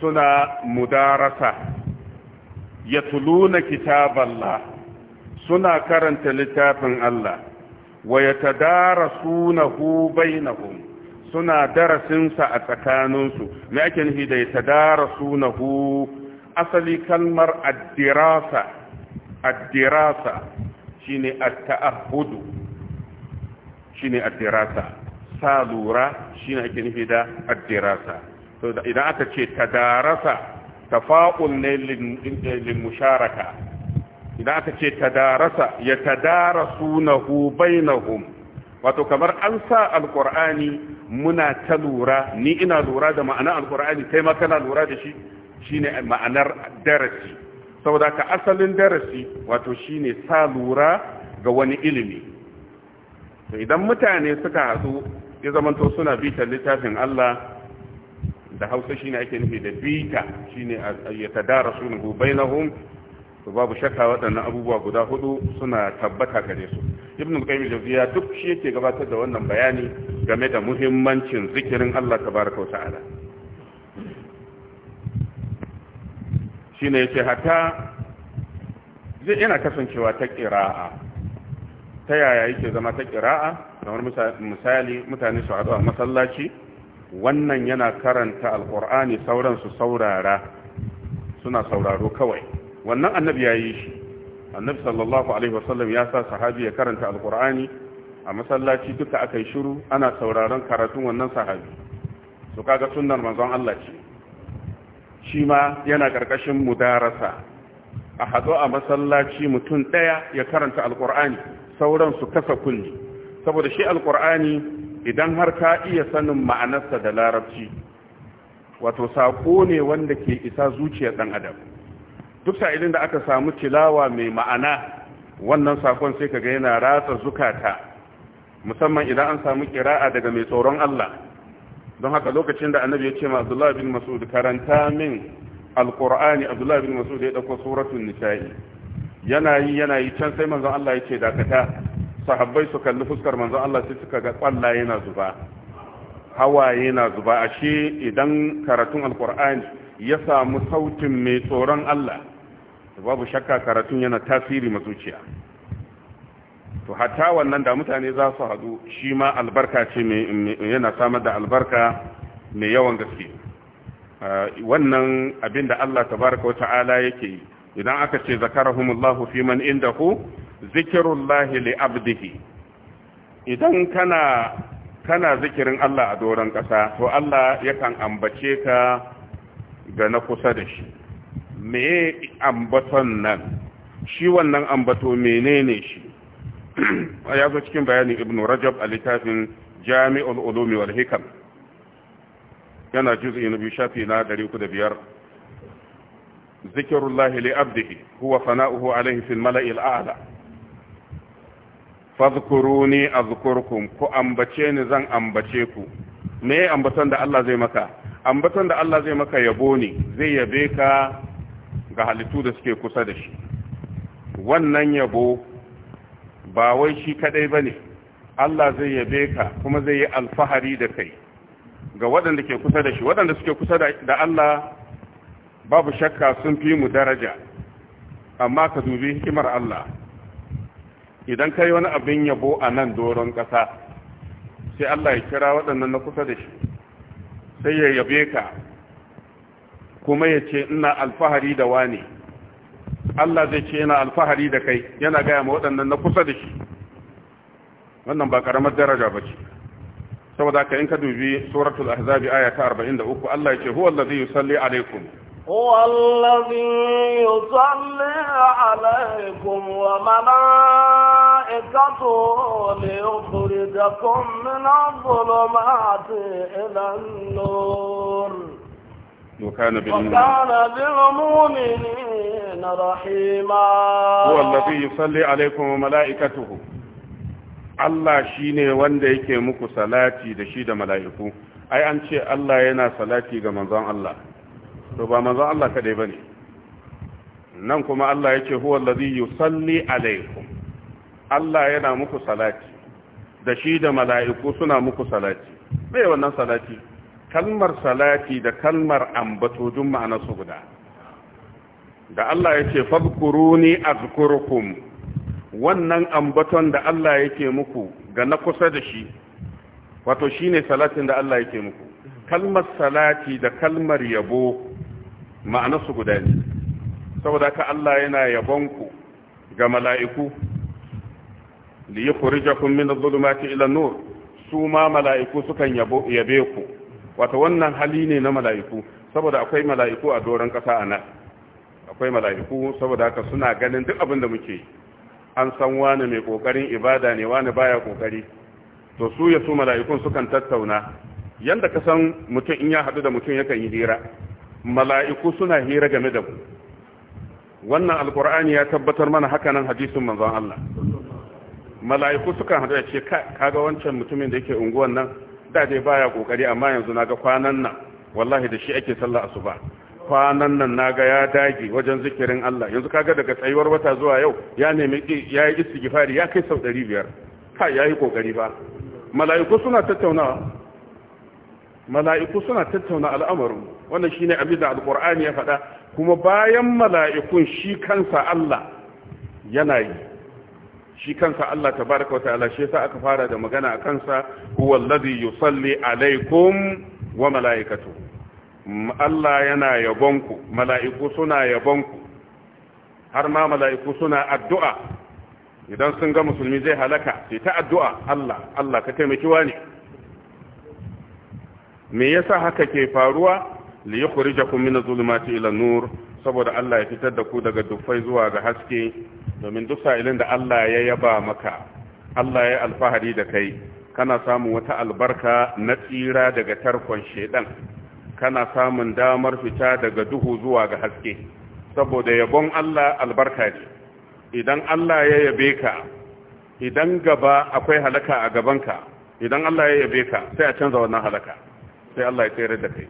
suna mudarasa yatluna kitaballa suna karanta littafin Allah wa yatadarasunahu bainahum suna darasinsa a tsakaninsu me ake nufi da Hu? asali kalmar addirasa addirasa shine at-ta'ahhudu shine addirasa sa lura shine ake nufi da addirasa to idan aka ce Ta-darasa ta tafa'ul ne lil musharaka idan aka ce tadarasa ya na hum, wato kamar an sa alqur'ani muna ta lura ni ina lura da ma'anar alkur'ani kai ma kana lura da shi ne ma'anar darasi saboda ka asalin darasi wato shine sa lura ga wani ilimi to idan mutane suka hasu ya zamanto suna bita littafin Allah da Hausa shine ake nufi da bita ne ya na hum. to babu shakka waɗannan abubuwa guda hudu suna tabbata gare su ibn al-qayyim jawziya duk shi yake gabatar da wannan bayani game da muhimmancin zikirin Allah tabaaraka wa ta'ala shine yace hatta zai yana kasancewa ta qira'a ta yaya yake zama ta qira'a kamar misali mutane su haɗu a masallaci wannan yana karanta alqur'ani sauran su saurara suna sauraro kawai wannan annabi ya yi shi annabi sallallahu alaihi wasallam ya sa sahabi ya karanta alkur'ani a masallaci duka aka yi shiru ana sauraron karatun wannan sahabi su kaga sunnar manzon Allah ce shi ma yana karkashin mudarasa a hado a masallaci mutum daya ya karanta alkur'ani sauran su kasa kunni saboda shi alkur'ani idan har ka iya sanin ma'anarsa da larabci wato sako ne wanda ke isa zuciyar dan adam duk sa'ilin da aka samu tilawa mai ma'ana wannan sakon sai kaga yana ratsa zukata musamman idan an samu kira'a daga mai tsoron Allah don haka lokacin da annabi ya ce ma Abdullah bin Mas'ud karanta min alqur'ani Abdullah bin Mas'ud ya dauko suratul nisa'i yana yi yana yi can sai manzon Allah ya ce dakata sahabbai su kalli fuskar manzon Allah sai suka ga kwalla yana zuba hawaye na zuba ashe idan karatun alqur'ani ya samu sautin mai tsoron Allah babu shakka karatun yana tasiri zuciya to hatta wannan da mutane za su hadu shi ma albarka ce yana samar da albarka mai yawan gaske eh, wannan abin da Allah tabaraka wa ta'ala yake yi idan aka ce zakarahumullahu fi man indahu zikirullahi li idan kana kana zikirin Allah a doron ƙasa to Allah yakan ambace ka ga na kusa da shi me ambaton nan shi wannan ambato menene shi ya zo cikin bayanin ibn rajab a littafin jami'ul ulumi wal hikam yana juzu na biyu shafi na 305 zikrullah li abdihi huwa sana'uhu alayhi fil mala'i al ne fadhkuruni azkurkum ku ambace ni zan ambace ku me ambaton da Allah zai maka ambaton da Allah zai maka yabo ne zai yabe ka ga halittu da suke kusa da shi wannan yabo ba wai shi kadai bane Allah zai yabe ka kuma zai yi alfahari da kai ga waɗanda ke kusa da shi waɗanda suke kusa da Allah babu shakka sun fi mu daraja amma ka dubi hikimar Allah idan kai wani abin yabo a nan doron ƙasa sai Allah ya kira waɗannan na kusa da shi sai ya yabe ka kuma ya ce ina alfahari da wani Allah zai ce yana alfahari da kai yana gaya ma waɗannan na kusa da shi wannan ba karamar daraja ba ce saboda ka in ka dubi suratul ahzabi aya ta 43 Allah ya ce huwa allazi yusalli alaikum هو الذي يصلي عليكم وملائكته ليخرجكم من الظلمات إلى النور وكان بالمؤمنين رحيما هو الذي يصلي عليكم وملائكته Allah shi ne wanda yake muku salati da shi da mala'iku, ai an ce Allah yana salati ga manzon Allah. to ba manzo Allah kadai bane nan kuma Allah yake huwa allazi yusalli alaikum Allah yana muku salati da shi da mala'iku suna muku salati me wannan salati kalmar salati da kalmar ambato dun ma'ana su guda da Allah yake fadkuruni azkurukum wannan ambaton da Allah yake muku ga na kusa da shi wato shine salatin da Allah yake muku kalmar salati da kalmar yabo ma'anarsu guda ne saboda ka Allah yana yabon ku ga mala'iku li yukhrijakum min adh-dhulumati ila an-nur su ma mala'iku sukan yabe ku wato wannan hali ne na mala'iku saboda akwai mala'iku a doron kasa ana akwai mala'iku saboda ka suna ganin duk abin da muke an san wani mai kokarin ibada ne wani baya kokari to su ya su mala'ikun sukan tattauna yadda ka san mutum in ya haɗu da mutum yakan yi hira mala'iku suna hira game da ku wannan alkur'ani ya tabbatar mana hakanan hadisin manzon Allah mala'iku suka hadu da ce kaga wancan mutumin da yake unguwan nan da dai baya kokari amma yanzu naga kwanan nan wallahi da shi ake sallah asuba kwanan nan naga ya dage wajen zikirin Allah yanzu kaga daga tsayuwar wata zuwa yau ya nemi ya yi istighfari ya kai sau 500 ka yayi kokari ba mala'iku suna tattaunawa mala'iku suna tattauna al'amarin wannan shine abin da alqur'ani ya faɗa kuma bayan mala'ikun shi kansa Allah yana yi shi kansa Allah ta wa ta'ala shi yasa aka fara da magana a kansa huwa alladhi yusalli alaikum wa malaikatu Allah yana ku, mala'iku suna ku. har ma mala'iku suna addu'a idan sun ga musulmi zai halaka sai ta addu'a Allah Allah ka taimaki wani me yasa haka ke faruwa li yukhrijakum min adh-dhulumati ila nur saboda Allah ya fitar da ku daga dufai zuwa ga haske domin duk sa'ilin da Allah ya yaba maka Allah ya alfahari da kai kana samun wata albarka na tsira daga tarkon shedan kana samun damar fita daga duhu zuwa ga haske saboda yabon Allah albarka ne idan Allah ya yabe ka idan gaba akwai halaka a gabanka idan Allah ya yabe ka sai a canza wannan halaka sai Allah ya tsere da kai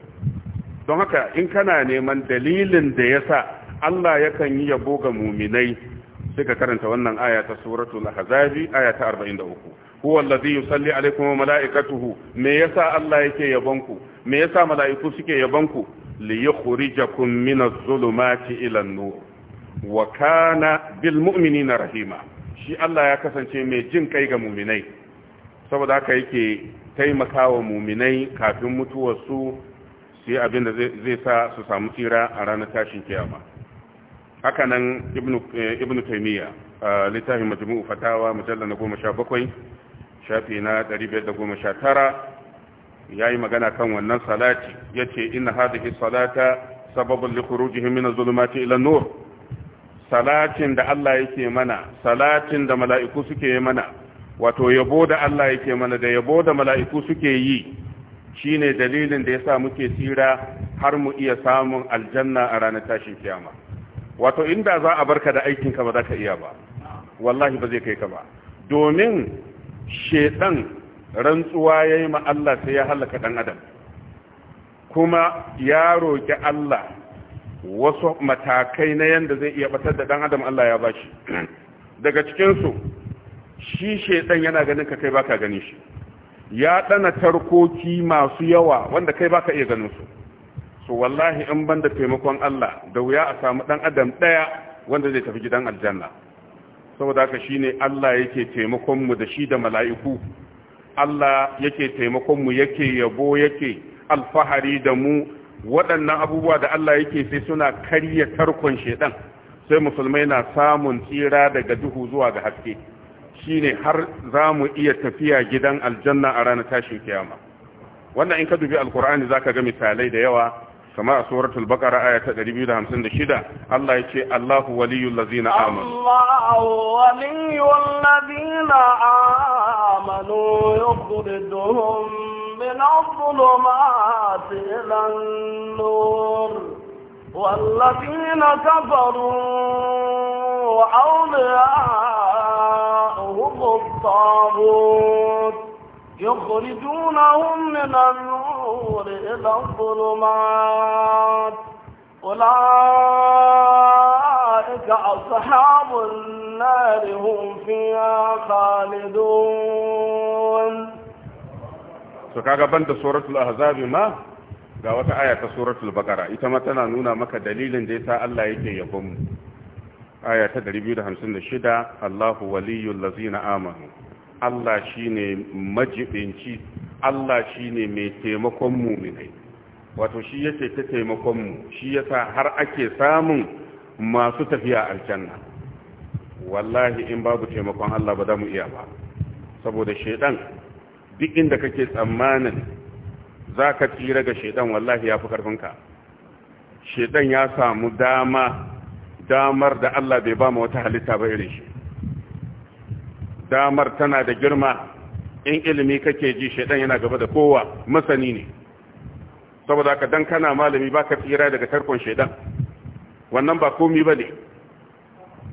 don haka in kana neman dalilin da ya sa Allah yakan yi yabo ga muminai sai ka karanta wannan aya ta suratul ahzabi aya ta 43 huwa allazi yusalli alaikum wa malaikatuhu me yasa Allah yake ku? me yasa mala'iku suke yabanku li yukhrijakum min adh-dhulumati ila an-nur wa kana bil mu'minina rahima shi Allah ya kasance mai jin kai ga muminai saboda haka yake taimakawa muminai kafin mutuwarsu su yi abin da zai sa su samu tsira a ranar tashin kiyama haka nan ibn eh, taimiyya littafin majmu'u fatawa mujalla na goma sha bakwai shafi na ɗari biyar da goma sha tara ya yi magana kan wannan salati ya ce ina hadhihi salata sababin li khurujihim min az-zulumati nur salatin da Allah yake mana salatin da mala'iku suke yi mana wato yabo da Allah yake mana da yabo da mala'iku suke yi Shi ne dalilin da ya sa muke tsira har mu iya samun aljanna a ranar tashin kiyama wato inda za a barka da aikin ba za ka iya ba wallahi ba zai kai ka ba domin shedan rantsuwa yayi ma Allah sai ya halaka dan adam kuma ya roƙi Allah wasu matakai na yanda zai iya batar da dan adam Allah ya bashi daga cikinsu shi shedan yana ganin ka kai baka gani shi ya dana tarkoki masu yawa wanda kai baka iya ganin su so wallahi in banda taimakon Allah da wuya a samu dan adam daya wanda zai tafi gidan aljanna saboda haka shine Allah yake taimakon mu da shi da mala'iku Allah yake taimakon mu yake yabo yake alfahari da mu waɗannan abubuwa da Allah yake sai suna karya tarkon shedan sai musulmai na samun tsira daga duhu zuwa ga haske shine har za mu iya tafiya gidan aljanna a ranar tashin kiyama wannan in ka dubi alkur'ani za ka ga misalai da yawa kama a suratul baqara aya ta 256 Allah ya ce Allahu waliyul ladzina amanu Allahu waliyul ladzina amanu yukhrijuhum min adh-dhulumati ila nur والذين كفروا أولياءهم الطاغوت يخرجونهم من النور إلى الظلمات أولئك أصحاب النار هم فيها خالدون سكاكا بنت سورة الأحزاب ما ga wata aya ta suratul baqara ita ma tana nuna maka dalilin da yasa Allah yake yabon mu aya ta 256 Allahu waliyul ladzina amanu Allah shine majibinci Allah shine mai taimakon kai. wato shi yake ta taimakon mu shi yasa har ake samun masu tafiya aljanna wallahi in babu taimakon Allah ba za mu iya ba saboda shedan duk inda kake tsammanin za ka tsira ga shaidan wallahi ya fi ƙarfinka shaidan ya samu dama damar da Allah bai ba ma wata halitta ba irin shi damar tana da girma in ilimi kake ji shaidan yana gaba da kowa masani ne saboda ka dan kana malami ba ka tsira daga tarkon shaidan wannan ba komi ba ne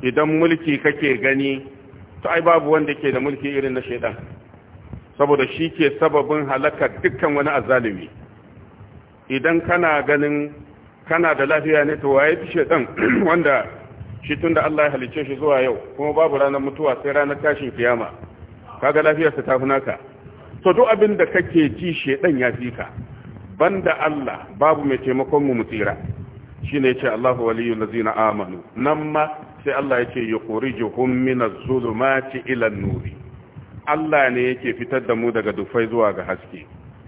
idan mulki kake gani to ai babu wanda ke da mulki irin na shaidan saboda shi ke sababin halaka dukkan wani azalimi idan kana ganin kana da lafiya ne to waye fi shaitan wanda shi tun da Allah ya halice shi zuwa yau kuma babu ranar mutuwa sai ranar tashin kiyama kaga lafiyarsa ta fi naka to duk abin da kake ji shaitan ya fi ka banda Allah babu mai taimakon mu mutira shine yace Allahu waliyul lazina amanu nan ma sai Allah ya ce yace yukhrijuhum minaz zulumati ila nuri Allah ne yake fitar da mu daga dufai zuwa ga haske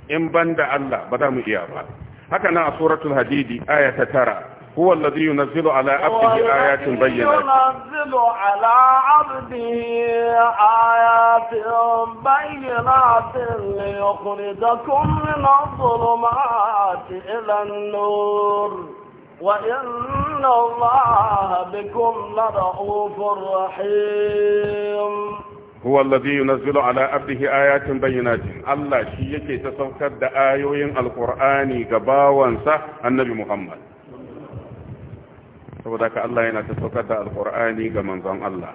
in banda Allah ba za mu iya ba haka nan a suratul hadidi aya ta tara هو الذي ينزل على عبده آيات بينات ينزل على عبده آيات بينات ليخرجكم من الظلمات إلى النور وإن الله بكم لرؤوف رحيم huwa allazi yunazzilu ala abdihi ayatin bayyinatin Allah shi yake ta saukar da ayoyin alqur'ani ga bawansa annabi Muhammad saboda ka yana ta saukar da alqur'ani ga manzon Allah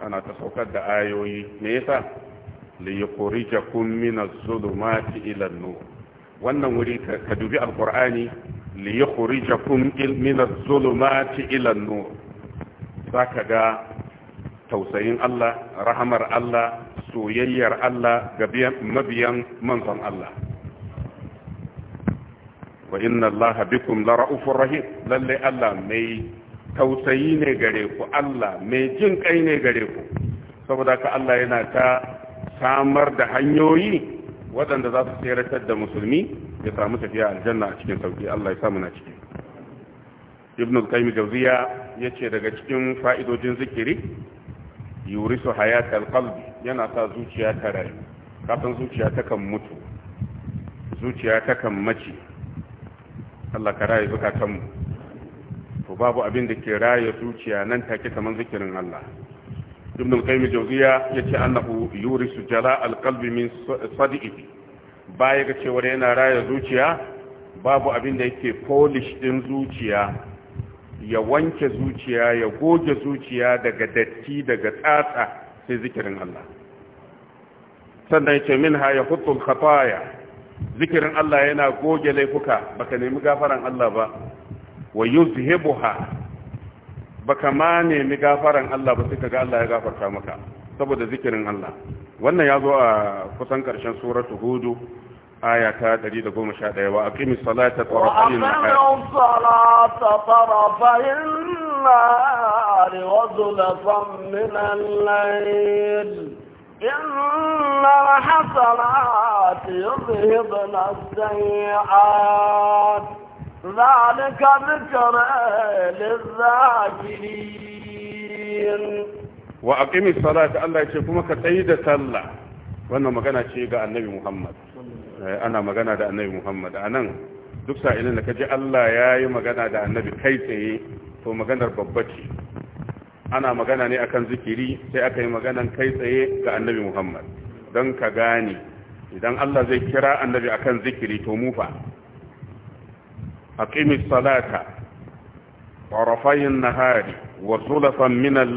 ana ta saukar da ayoyi me yasa li yukhrijakum min az-zulumati ila an-nur wannan wuri ka dubi alqur'ani li yukhrijakum min zaka ga tausayin Allah rahamar Allah soyayyar Allah ga mabiyan manzon Allah wa inna Allah bikum la ra'ufur rahim lalle Allah mai tausayi ne gare ku Allah mai jin kai ne gare ku saboda ka Allah yana ta samar da hanyoyi waɗanda za su tseratar da musulmi ya samu tafiya aljanna a cikin sauki Allah ya samu na ciki ibn al-qayyim jawziya yace daga cikin fa'idojin zikiri yurisu hayatal qalbi yana sa zuciya ta rayu kafin zuciya ta kan mutu zuciya ta kan mace Allah ka raye mu to babu abin da ke raye zuciya nan take kamar zikirin Allah ibn al-qayyim jawziya yace annahu yurisu jala al-qalbi min sadiqi baya ga cewa yana raye zuciya babu abin da yake polish din zuciya ya wanke zuciya ya goge zuciya daga datti daga tsatsa sai zikirin Allah sannan yake ha ya hutul khataya zikirin Allah yana goge laifuka baka nemi gafaran Allah ba wa yuzhibuha baka ma nemi gafaran Allah ba sai kaga Allah ya gafarta maka saboda zikirin Allah wannan yazo a kusan karshen suratu hudu آية دليل قوم شهداء وأقيم الصلاة طرفي النهار وأقيم الصلاة طرفي النهار وزلفا من الليل إن الحسنات يذهبن السيئات ذلك ذكر للذاكرين وأقيم الصلاة الله يشوفك سيدة الله wannan magana ce ga annabi muhammad eh, ana magana da annabi muhammad a nan duk sa'ilin da ka ji allah ya yi magana da annabi kai tsaye to maganar babba ce ana magana ne akan zikiri sai aka yi maganan kai tsaye ga annabi muhammad don ka gane idan allah zai kira annabi akan zikiri to mufa aqimis salata tarafayin nahari wa sulafan min al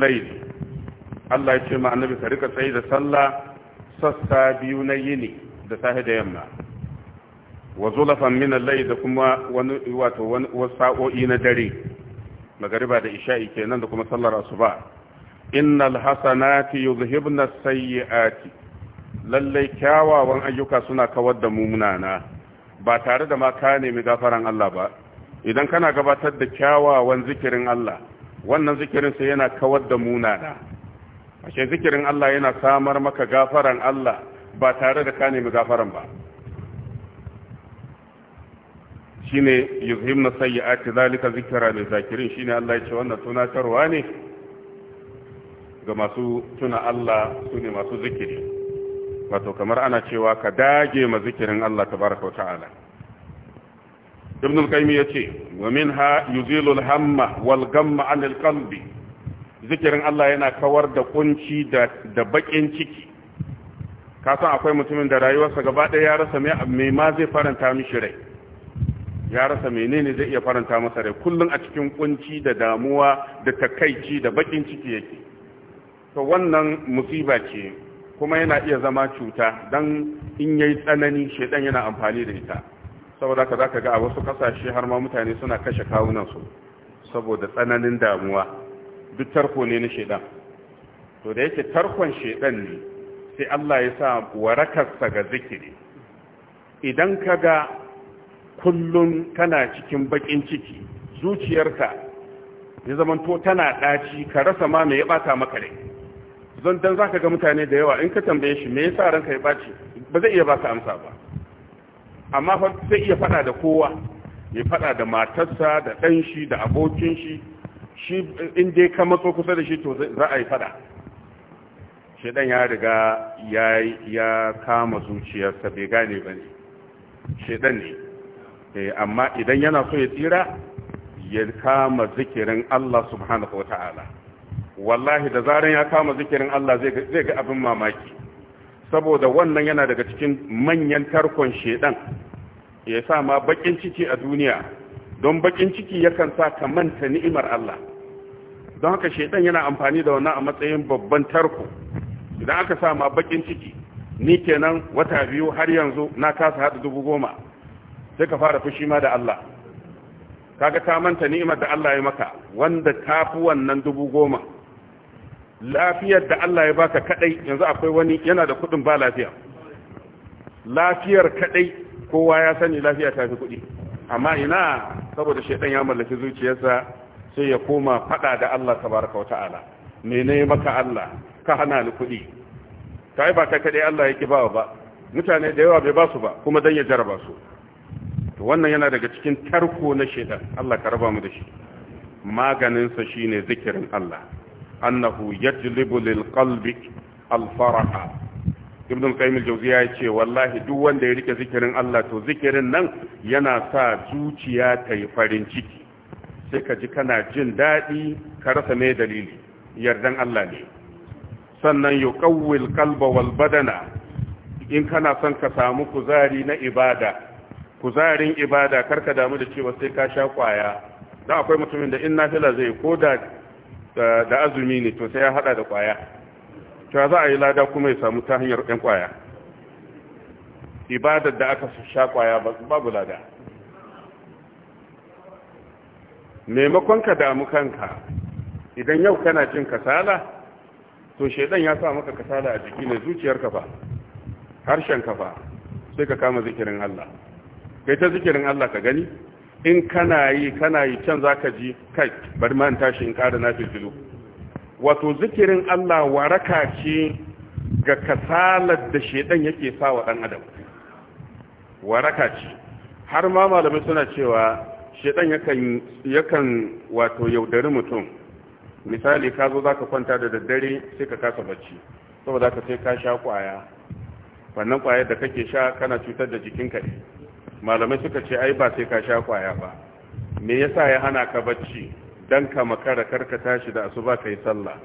Allah ya ce ma annabi ka rika tsaye da sallah sassa biyu na yini da sahi da yamma wa zulafan min al da kuma wani wato wani sa'o'i na dare magariba da isha'i kenan da kuma sallar asuba innal hasanati yuzhibna sayyiati lalle kyawawan ayyuka suna kawar da mumunana ba tare da ma ka nemi gafaran Allah ba idan kana gabatar da kyawawan zikirin Allah wannan zikirin sai yana kawar da munana ashe zikirin Allah yana samar maka gafaran Allah ba tare da ka nemi gafaran ba shine yuzhimna sayyi'ati zalika zikra lil zakirin shine Allah ya ce wannan tunatarwa ne ga masu tuna Allah su ne masu zikiri wato kamar ana cewa ka dage ma zikirin Allah tabaraka wa ta'ala ibn al-qayyim yace wa minha yuzilu al-hamma wal ghamma 'an al-qalbi zikirin Allah yana kawar da kunci da bakin ciki Ka san akwai mutumin da rayuwarsa gaba ɗaya ya rasa mai ma zai faranta mishi rai ya rasa menene zai iya faranta masa rai kullum a cikin kunci da damuwa da takaici da bakin ciki yake to wannan musiba ce kuma yana iya zama cuta dan in yayi tsanani shedan yana amfani da ita saboda ka zaka ga a wasu kasashe har ma mutane suna kashe kawunan su saboda tsananin damuwa duk tarko ne na shaidan to da yake tarkon shaidan ne sai Allah ya sa warakarsa ga zikiri idan ka ga kullum kana cikin bakin ciki zuciyarka ya to tana ɗaci ka rasa ma me ya bata maka ne zan dan zaka ga mutane da yawa in ka tambaye shi me yasa ranka ya baci ba zai iya baka amsa ba amma fa sai iya faɗa da kowa ya faɗa da matarsa da ɗan shi da abokin shi shi in dai ka matso kusa da shi to za a yi fada dan ya riga ya kama zuciyarsa bai gane ba ne shi dan ne eh, amma idan yana so ya tsira ya kama zikirin Allah subhanahu wa ta'ala wallahi da zaran ya kama zikirin Allah zai ga abin mamaki saboda wannan yana daga cikin manyan tarkon shedan ya sa ma bakin ciki a duniya don bakin ciki yakan sa ka manta ni'imar Allah don haka shaidan yana amfani da wannan a matsayin babban tarko idan aka sa ma bakin ciki ni kenan wata biyu har yanzu na kasa hadu dubu goma sai ka fara fushi ma da Allah kaga ta manta ni'imar da Allah ya maka wanda ta fi wannan dubu goma lafiyar da Allah ya baka kadai yanzu akwai wani yana da kudin ba lafiya lafiyar kadai kowa ya sani lafiya ta fi kudi amma ina saboda shaidan ya mallaki zuciyarsa sai ya koma fada da Allah tabaraka wa ta'ala maka Allah ka hana ni kuɗi kai ba kai kadai Allah yake bawa ba mutane da yawa bai ba su ba kuma dan ya jaraba su to wannan yana daga cikin tarko na shedan Allah ka raba mu da shi maganin sa shine zikirin Allah annahu yajlibu lil qalbi al faraha ibn al-qayyim al-jawziya yace wallahi duk wanda ya rike zikirin Allah to zikirin nan yana sa zuciya ta yi farin ciki sai ka ji kana jin daɗi ka rasa mai dalili yardan Allah ne sannan yi ƙawil kalba wal badana in kana son ka samu kuzari na ibada kuzarin ibada karka damu da cewa sai ka sha ƙwaya. don akwai mutumin da in na fila zai ko da azumi ne to sai ya haɗa da ƙwaya. cewa za a yi lada kuma ya samu ta hanyar ƴan ƙwaya. ibadar da aka sha kwaya babu lada maimakon ka damu kanka idan yau kana cin kasala to shaidan ya sa maka kasala a jiki ne zuciyarka fa. harshenka fa sai ka kama zikirin Allah kai ta zikirin Allah ka gani in kana yi kana yi can zaka ji kai bari ma tashi in ƙara na filfilu wato zikirin Allah waraka ce ga kasalar da shedan yake sa wa ɗan adam waraka ce har ma malamai suna cewa shedan yakan yakan wato yaudari mutum misali ka zo zaka kwanta da daddare sai ka kasa bacci saboda ka sai ka sha kwaya wannan kwaya da kake sha kana cutar da jikinka ne malamai suka ce ai ba sai ka sha kwaya ba me yasa ya hana ka bacci dan ka makara karka tashi da asuba kai sallah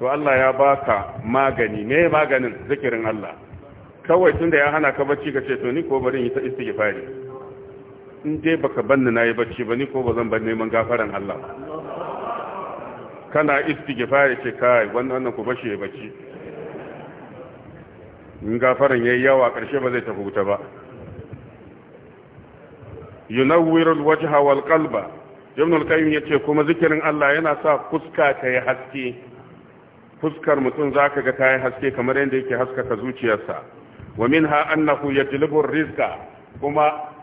to Allah ya baka magani me maganin zikirin Allah kawai tunda ya hana ka bacci kace to ni ko bari yi ta istighfari in dai baka banni nayi bacci ba ni ko ba zan neman gafaran Allah kana istighfar ce kai wannan wannan ku bashi ya bacci in gafaran yayi yawa karshe ba zai tafi wuta ba yunawwiru alwajha wal qalba ibn al-qayyim yace kuma zikirin Allah yana sa fuska ta yi haske fuskar mutum zaka ga ta yi haske kamar yadda yake haskaka zuciyarsa wa minha annahu yajlibu ar-rizqa kuma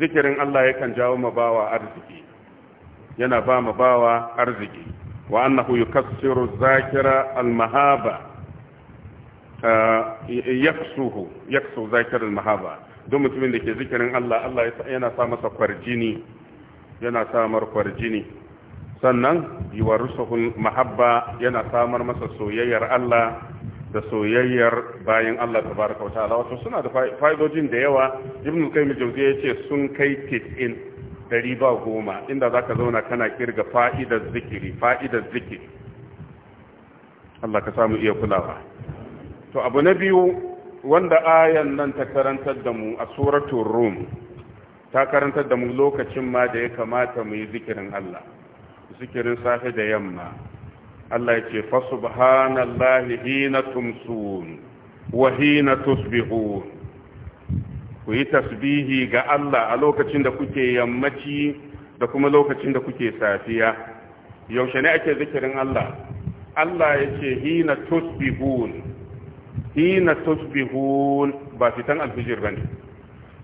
zikirin Allah yakan jawo ma bawa arziki yana ba ma bawa arziki wa annahu yukassiru zakira almahaba eh, yaksuhu yaksu zakir almahaba don mutumin da ke zikirin Allah Allah yana sa masa kwarjini yana samar kwarjini sannan yuwarisuhu mahabba yana samar masa soyayyar Allah da soyayyar bayan Allah tabaraka wa ta'ala wato suna da fa'idojin da yawa ibnu qayyim jawzi yace sun kai tisin dari ba goma inda zaka zauna kana kirga fa'idar zikiri fa'idar zikiri Allah ka samu iya kulawa to abu na biyu wanda ayan nan ta karantar da mu a suratun rum ta karantar da mu lokacin ma da ya kamata mu yi zikirin Allah zikirin safe da yamma Allah ya ce fa subhanallahi hina tumsun wa hina tusbihun ku yi tasbihi ga Allah a lokacin da kuke yammaci da kuma lokacin da kuke safiya yaushe ne ake zikirin Allah Allah ya ce hina tusbihun hina tusbihun ba fitan alfijir bane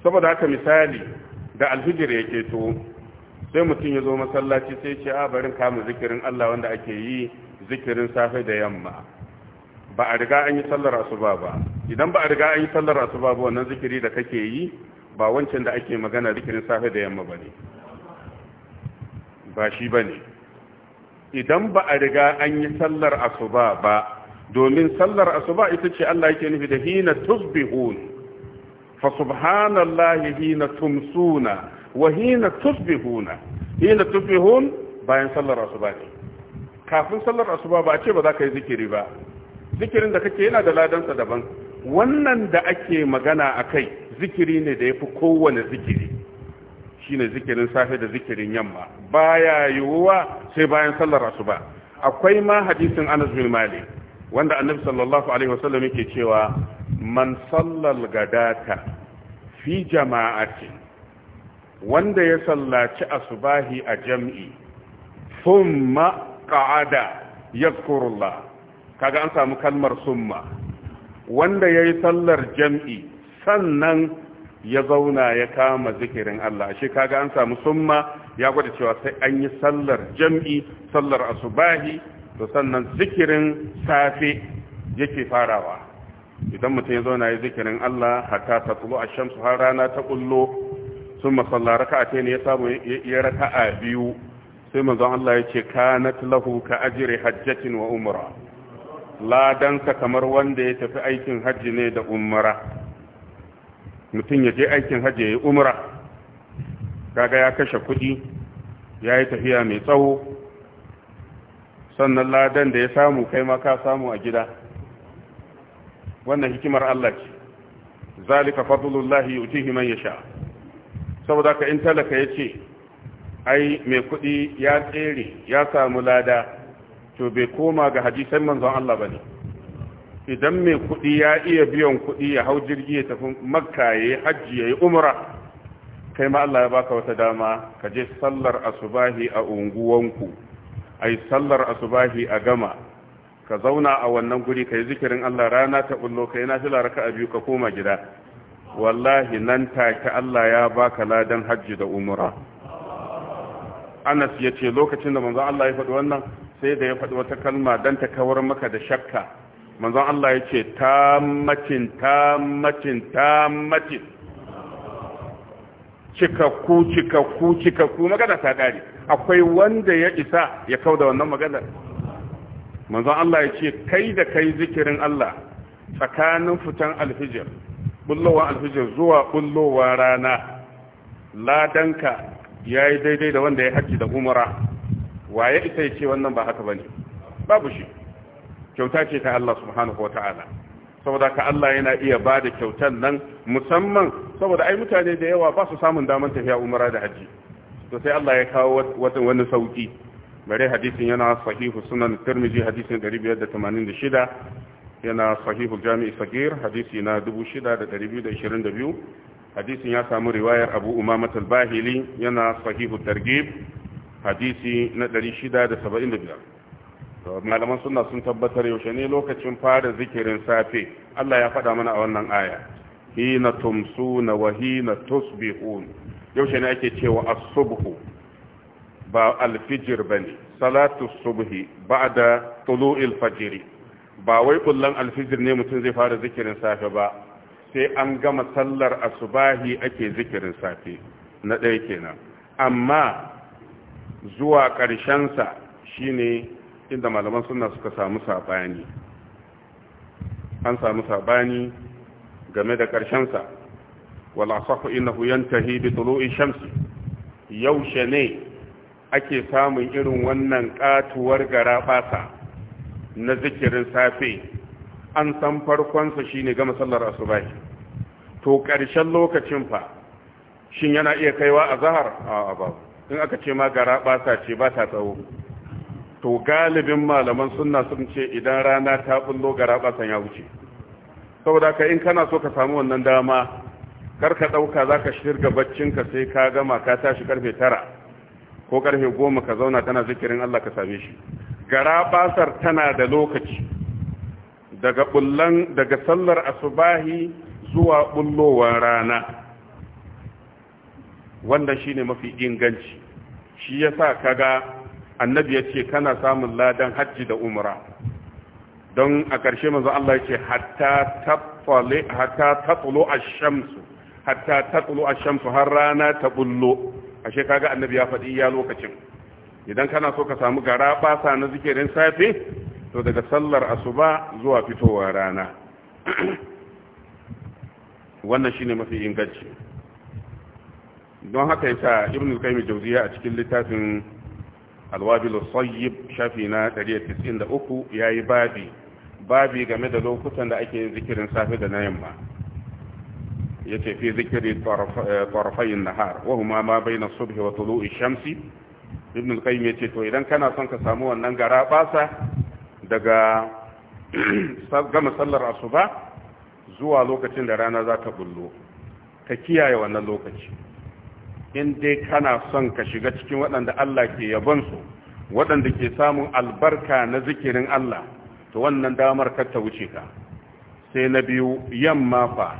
saboda haka misali da alfijir yake to sai mutum ya zo masallaci sai ce a barin kama zikirin Allah wanda ake yi zikirin safe da yamma ba a riga an yi sallar asuba ba idan ba a riga an yi sallar asuba ba wannan zikiri da kake yi ba wancan da ake magana zikirin safe da yamma bane ba shi bane idan ba a riga an yi sallar asuba ba domin sallar asuba ita ce Allah yake nufi da hina tusbihun fa subhanallahi hina tumsuna wa hina tusbihuna hina tusbihun bayan sallar asuba ne kafin sallar asuba ba a ce ba za ka yi zikiri ba zikirin da kake yana da ladansa daban wannan da ake magana a kai zikiri ne da ya fi kowane zikiri shine zikirin safe da zikirin yamma baya yiwuwa sai bayan sallar asuba akwai ma hadisin Anas bin Malik wanda Annabi sallallahu alaihi wasallam yake cewa man sallal gadata fi jama'ati wanda ya sallaci asubahi a jam'i thumma qa'ada yadhkurullah kaga an samu kalmar summa wanda yayi sallar jam'i sannan ya zauna ya kama zikirin Allah shi kaga an samu summa ya gwada cewa sai an yi sallar jam'i sallar asubahi to sannan zikirin safe yake farawa idan mutum ya zauna ya zikirin Allah hatta ta tulo a shamsu har rana ta kullo sun masalla raka'a ce ne ya samu ya raka'a biyu sai manzon Allah ya ce kanat lahu ka ajri hajjatin wa umra ladansa kamar wanda ya tafi aikin hajji ne da umra mutum ya je aikin hajji ya yi umra kaga ya kashe kuɗi ya yi tafiya mai tsawo sannan ladan da ya samu kai ma ka samu a gida wannan hikimar Allah ce zalika fadlullahi yutihi man yasha saboda ka in talaka yace ai mai kuɗi ya tsere ya samu lada to bai koma ga hadisan manzon Allah bane idan mai kuɗi ya iya biyan kuɗi ya hau jirgi ya tafi makka ya hajji ya yi umra kai ma Allah ya baka wata dama ka je sallar asubahi a unguwanku ai sallar asubahi a gama ka zauna a wannan guri ka zikirin Allah rana ta bullo ka yi nafila raka a biyu ka koma gida wallahi nan take Allah ya baka ladan hajji da umra anas ya ce lokacin da manzon Allah ya faɗi wannan sai da ya faɗi wata kalma don ta kawar maka da shakka manzon Allah ya ce tammacin tammacin tammacin cikakku cikakku cikakku magana ta dare akwai wanda ya isa ya kau da wannan magana manzon Allah ya ce kai da kai zikirin Allah tsakanin fitan alfijir bullowa alfijir zuwa bullowa rana ladanka ya yi daidai da wanda ya hajji da umara waye ita ya ce wannan ba haka ba ne babu shi kyauta ce ta Allah subhanahu wa ta'ala saboda ka Allah yana iya ba da kyautan nan musamman saboda ai mutane da yawa ba su samun damar tafiya umara da hajji to sai Allah ya kawo wani sauki bare hadisin yana sahihu sunan tirmidhi hadisin 586 yana sahihu jami'i sagir hadisi na 6222 hadisin ya samu riwayar abu umama talbahili yana sahihu targib hadisi na 675 malaman suna sun tabbatar yaushe ne lokacin fara zikirin safe Allah ya faɗa mana a wannan aya hina na wa hina tusbihun yaushe ne ake cewa as ba alfijir ne salatu subhi ba'da tulu'il fajiri ba wai kullan alfijir ne mutum zai fara zikirin safe ba sai an gama sallar asubahi ake zikirin safe na ɗaya kenan amma zuwa ƙarshensa shine inda malaman suna suka samu sabani an samu sabani game da ƙarshensa wala safu innahu yantahi bi tulu'i shamsi yaushe ne ake samun irin wannan ƙatuwar gara na zikirin safe an san farkonsa shine gama sallar asubahi to ƙarshen lokacin fa shin yana iya kaiwa a zahar a ba in aka ce ma gara basa ce ba ta tsawo to galibin malaman sunna sun ce idan rana ta bullo gara ya wuce saboda ka in kana so ka samu wannan dama kar ka ɗauka za ka shirga baccinka sai ka gama ka tashi karfe tara ko karfe goma ka zauna tana zikirin Allah ka same shi gara tana da lokaci daga bullan daga sallar asubahi zuwa bullowar rana wannan shine mafi inganci shi yasa kaga annabi ya ce kana samun ladan hajji da umra don a ƙarshe manzo Allah ya ce hatta tafale hatta shamsu hatta tatlu ash-shamsu har rana ta bullo ashe kaga annabi ya faɗi ya lokacin idan kana so ka samu garaba basa na zikirin safe to daga sallar asuba zuwa fitowa rana wannan shine mafi inganci don haka yasa ibn al-qayyim jawziya a cikin littafin al-wabil al sayyib shafi na 193 yayi babi babi game da lokutan da ake yin zikirin safe da na yamma yace fi zikiri tarafayin nahar wa huma ma bayna as-subhi wa tulu'i ash-shamsi ibn al-qayyim yace to idan kana son ka samu wannan gara basa daga gama sallar asuba zuwa lokacin da rana za ta bullo ka kiyaye wannan lokaci in dai kana son ka shiga cikin waɗanda Allah ke yabonsu waɗanda ke samun albarka na zikirin Allah to wannan damar kar ta wuce ka sai na biyu yamma fa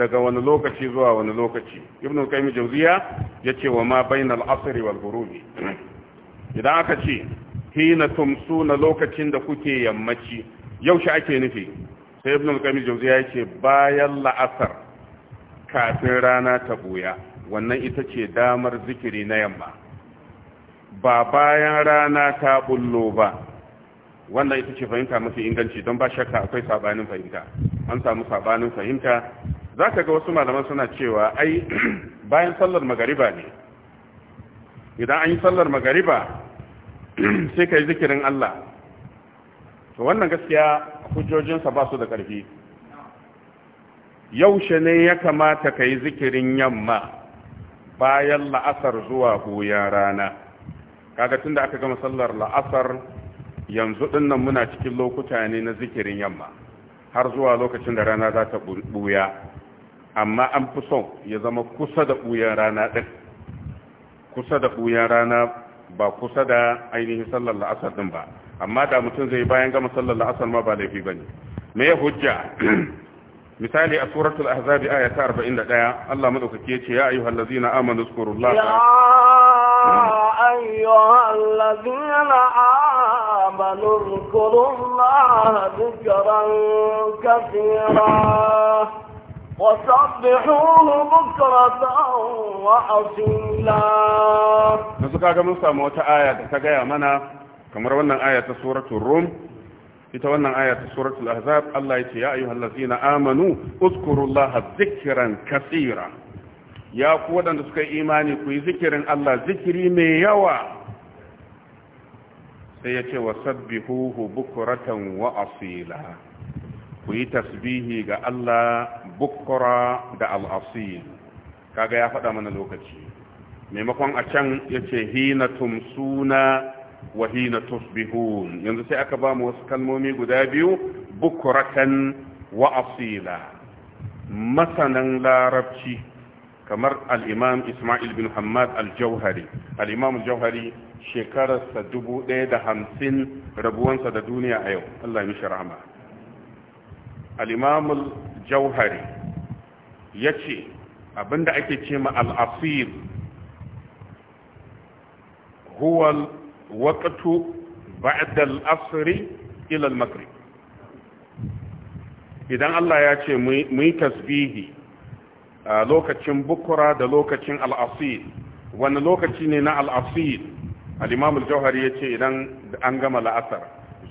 daga wani lokaci zuwa wani lokaci ibn qayyim jawziya yace wa ma bainal asri wal ghurubi idan aka ce hina na lokacin da kuke yammaci yaushe ake nufi sai ibn al-qayyim jawziya ce bayan la'asar kafin rana ta buya wannan ita ce damar zikiri na yamma ba bayan rana ta bullo ba wannan ita ce fahimta mafi inganci don ba shakka akwai sabanin fahimta an samu sabanin fahimta za ka ga wasu malaman suna cewa ai bayan sallar magariba ne idan an yi sallar magariba sai ka yi zikirin Allah to wannan gaskiya hujjojinsa ba su da ƙarfi yaushe ne ya kamata ka yi zikirin yamma bayan la'asar zuwa goyon rana kaga da aka gama sallar la'asar yanzu dinnan muna cikin lokuta ne na zikirin yamma har zuwa lokacin da rana za ta buya amma an fi son ya zama kusa da buyan rana din kusa da buyan rana ba kusa da ainihin sallar la'asar din ba amma da mutum zai bayan gama sallar la'asar ma ba laifi bane me ya hujja misali a suratul ahzab aya ta 41 Allah madaukake ya ce ya ayyuhal ladzina amanu zkurullaha ya ayyuhal amanu dhikran kathira وسبحوه بكرة وأصيلا نسوك أجا موسى موتا آية تكايا منا كما روانا آية سورة الروم ita wannan aya ta suratul ahzab Allah yace ya ayyuhal ladzina amanu uzkurullaha zikran kaseera ya ku wadanda suka yi imani ku yi zikirin Allah zikiri mai yawa sai yace wasabbihuhu bukratan wa asila ku tasbihi ga Allah Bukkura da al'asil kaga ya faɗa mana lokaci maimakon a can ya ce hina tumsuna wa hina tusbihun yanzu sai aka ba mu wasu kalmomi guda biyu bukuratan wa asila masanan larabci kamar al'imam ismail bin hamad al-jauhari al'imam al-jauhari shekararsa dubu ɗaya da hamsin rabuwansa da duniya a yau allah ya mishi rahama al'imam jauhari ya ce abinda ake ce ma al'asir huwal waƙatu ba'ad al'asiri ilal magrib idan Allah ya ce mu yi tasbihi a lokacin bukura da lokacin al'asir wani lokaci ne na al'asir al'imamul jauhari ya ce idan an gama la'asar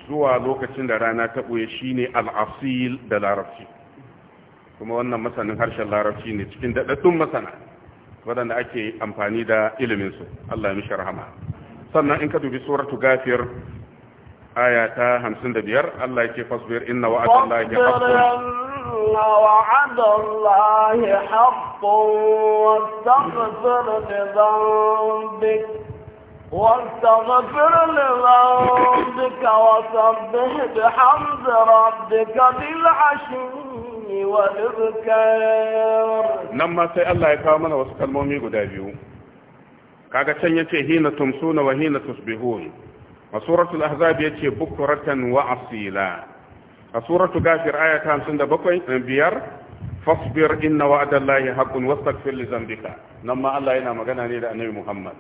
zuwa lokacin da rana ta ɓoye shi ne al'asir da larabci kuma wannan masanin harshen larabci ne cikin daɗaɗɗun masana waɗanda ake amfani da iliminsu Allah ya mishi rahama sannan in ka dubi suratu gafiyar aya ta hamsin da biyar Allah yake fasbir inna wa'ada Allah ya واستغفر لذنبك وسبح بحمد ربك بالعشي nan ma sai Allah ya kawo mana wasu kalmomi guda biyu kaga can ya ce hina tumsuna wa hina tusbihun a suratul ahzab ya ce bukuratan wa asila a suratul gafir aya ta hamsin da bakwai na eh, biyar fasbir inna wa adallahi haqqun wastaghfir li zambika nan ma Allah yana magana ne da annabi Muhammad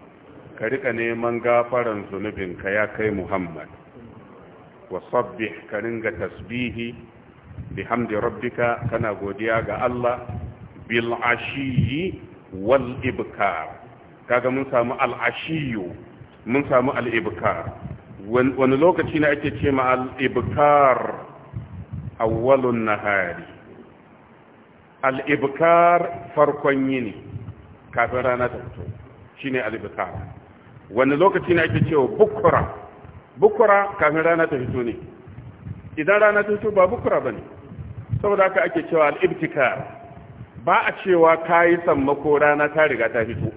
ka rika neman gafaran zunubin ka ya kai Muhammad wasabbih ka tasbihi bihamdi rabbika kana godiya ga Allah bil ashiyi wal ibkar kaga mun samu al ashiyu mun samu al ibkar wani lokaci ne ake ce ma al ibkar awwalun nahari al ibkar farkon yini kafin rana ta fito shine al ibkar wani lokaci ne ake cewa bukura bukura kafin rana ta fito ne idan rana ta fito ba bukura bane saboda haka ake cewa al-ibtikar ba a cewa yi sammako rana ta riga ta fito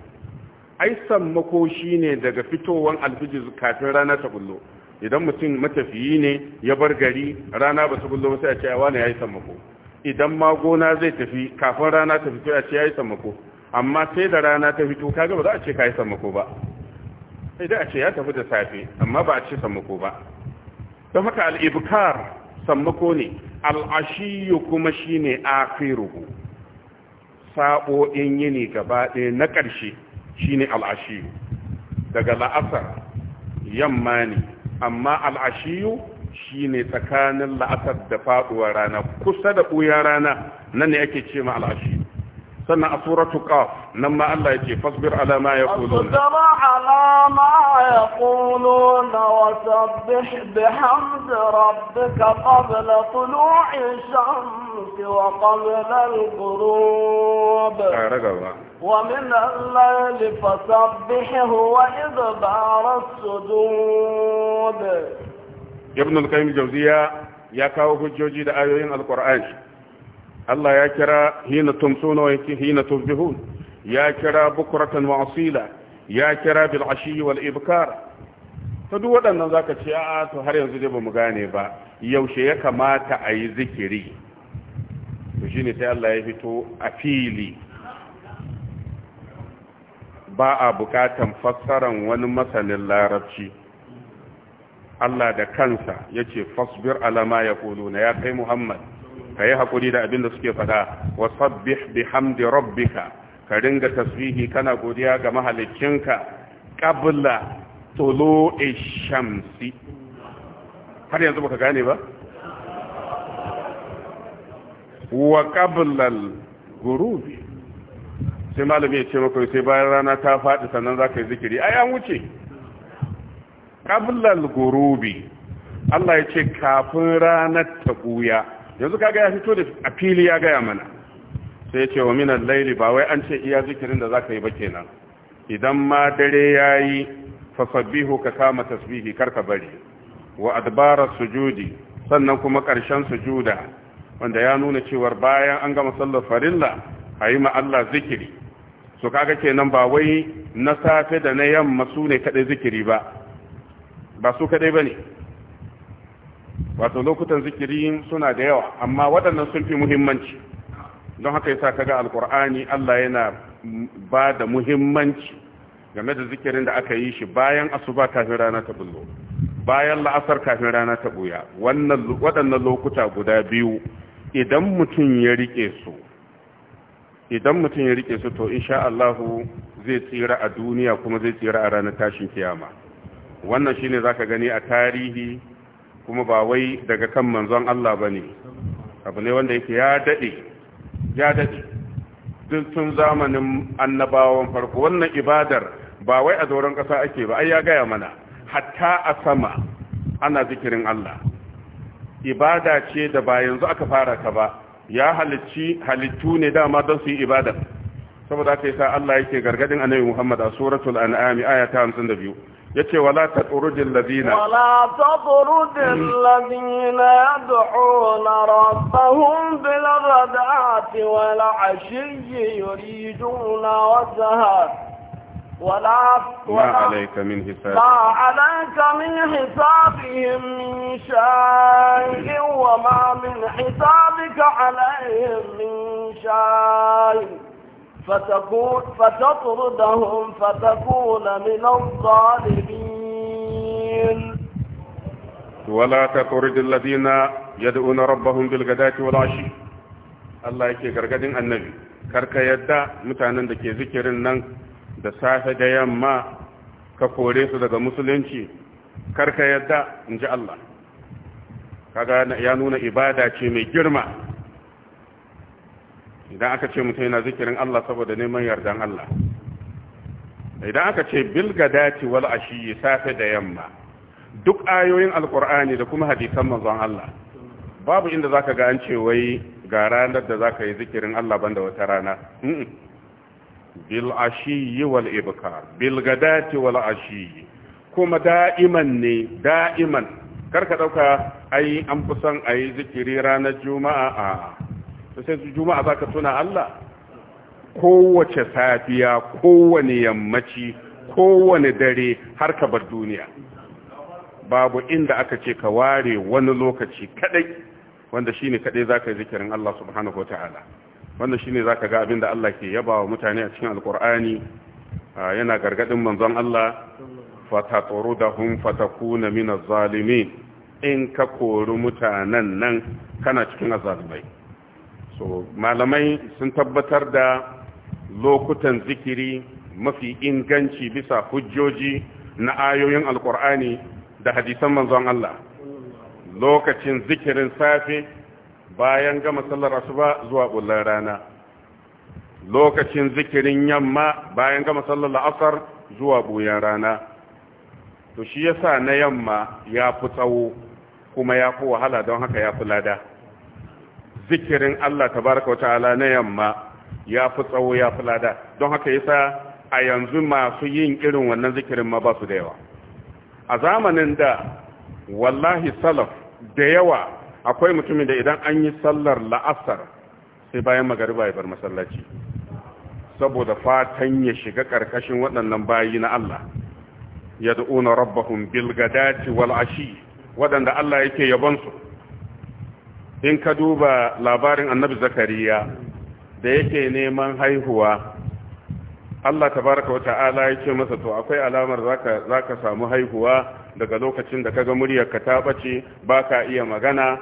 ai sammako shine daga fitowan alfijir kafin rana ta bullo idan mutum matafiyi ne ya bar gari rana ba su bullo sai a ce ya yayi sammako idan ma gona zai tafi kafin rana ta fito a ce yayi sammako amma sai da rana ta fito kaga ba za a ce yi sammako ba sai da a ce ya tafi da safe amma ba a ce sammako ba don haka al'ibkar sammako ne al'ashiyu kuma shi ne a akiruhu sa'o'in yini gaba ɗaya na ƙarshe shi ne al'ashiyu daga la'asar yamma ne amma al'ashiyu shi ne tsakanin la'asar da faɗuwa rana kusa da ɓuya rana nan ne ake ce ma al'ashiyu سنة أسورة قاف نما لا يجي فاصبر على ما يقولون اصبر على ما يقولون وسبح بحمد ربك قبل طلوع الشمس وقبل الغروب ومن الليل فسبحه وإذ وإذبار السجود ابن القيم الجوزية يا يكاوه الجوجي دعايوين القرآن Allah ya kira hina tumsuna wa hina tusbihun ya kira bukratan wa asila ya kira bil ashi wal ibkar to duk waɗannan zaka ce a'a to har yanzu dai bamu gane ba yaushe ya kamata a yi zikiri to shine sai Allah ya fito a fili ba a bukatan fassaran wani masanin larabci Allah da kansa yace fasbir ya ma yaquluna ya kai Muhammad Ka yi hakuri da abin da suke faɗa wasabbih bihamdi rabbika ka ringa tasbihi kana godiya ga mahalikinka qabla tulu'i shamsi har yanzu baka gane ba wa qabla al-ghurub sai malami ya ce maka sai bayan rana ta faɗi sannan zaka yi zikiri ai an wuce qabla al-ghurub Allah ya ce kafin ranar ta buya yanzu kaga ya fito da a fili ya gaya mana sai ce wa minan laili ba wai an ce iya zikirin da za ka yi ba kenan idan ma dare ya yi fasabbihu ka kama tasbihi karka bari wa adbara sujudi sannan kuma ƙarshen sujuda wanda ya nuna cewar bayan an gama sallar farilla a yi ma Allah zikiri su kaga kenan ba wai na safe da na yamma su ne kaɗai zikiri ba ba su kaɗai ba ne wato lokutan zikiri suna da yawa amma waɗannan sun fi muhimmanci don haka yasa kaga alkur'ani Allah yana ba da muhimmanci game da zikirin da aka yi shi bayan asuba kafin rana ta bullo bayan la'asar kafin rana ta buya wannan waɗannan lokuta guda biyu idan mutum ya rike su idan mutum ya rike su to insha Allah zai tsira a duniya kuma zai tsira a ranar tashin kiyama wannan shine zaka gani a tarihi kuma ba wai daga kan manzon Allah ba ne abu ne wanda yake ya daɗe ya daɗe duk tun zamanin annabawan farko wannan ibadar ba wai a doron ƙasa ake ba ai ya gaya mana hatta a sama ana zikirin Allah ibada ce da ba yanzu aka fara ta ba ya halicci halittu ne dama don su yi ibadar saboda aka yi sa Allah yake gargadin annabi Muhammad a suratul an'am aya ta 52 yace wala tatrudil ladina wala tatrudil ladina yad'una rabbahum bil ghadati wal ashi yuriduna wajha ولا ما عليك من حسابهم ما عليك من حسابهم من شيء وما من حسابك عليهم من شيء فتكون فتطردهم فتكون من الظالمين ولا تطرد الذين يدعون ربهم بالغداة والعشي الله yake gargadin annabi karka yadda mutanen da ke zikirin nan da safe da yamma ka kore su daga musulunci karka yadda in ji Allah ya nuna ibada ce mai girma idan aka ce mutum yana zikirin Allah saboda neman yardan Allah idan aka ce bilgadati wal ashiyi safe da yamma duk ayoyin alkur'ani da kuma hadisan manzon Allah babu inda zaka ga an ce wai ga ranar da zaka yi zikirin Allah banda wata rana bil ashiyi wal ibkar bilgadati wal ashiyi kuma da'iman ne da'iman karka dauka ai an fi son ayi zikiri ranar juma'a to sai juma'a zaka tuna Allah kowace safiya kowane yammaci kowane dare har ka bar duniya babu inda aka ce ka ware wani lokaci kadai wanda shine kadai zaka yi zikirin Allah subhanahu wataala wanda shine zaka ga abinda Allah ke yaba wa mutane a cikin alkur'ani yana gargadin manzon Allah fatatrudahum fatakuna min az-zalimin in ka kori mutanen nan kana cikin azalimai so malamai sun tabbatar da lokutan zikiri mafi inganci bisa hujjoji na ayoyin alkur'ani da hadisan manzon Allah lokacin zikirin safe bayan gama sallar asuba zuwa bullar rana lokacin zikirin yamma bayan gama sallar la'asar zuwa buyan rana to shi yasa na yamma ya fi tsawo kuma ya fi wahala don haka ya fi lada zikirin Allah Ta tabaraka wata'ala na yamma ya fi tsawo ya fi lada don haka yasa a yanzu masu yin irin wannan zikirin ma ba su da yawa a zamanin da wallahi salaf da yawa akwai mutumin da idan an yi sallar la'asar sai bayan magariba ya bar masallaci saboda fatan ya shiga karkashin waɗannan bayi na Allah yad'una rabbahum bil wal ashi waɗanda Allah yake yabon su in ka duba labarin annabi zakariya da yake neman haihuwa Allah ta tabaraka wa ta'ala ce masa to akwai alamar zaka zaka samu haihuwa daga lokacin da ka kaga muryarka ta bace baka iya magana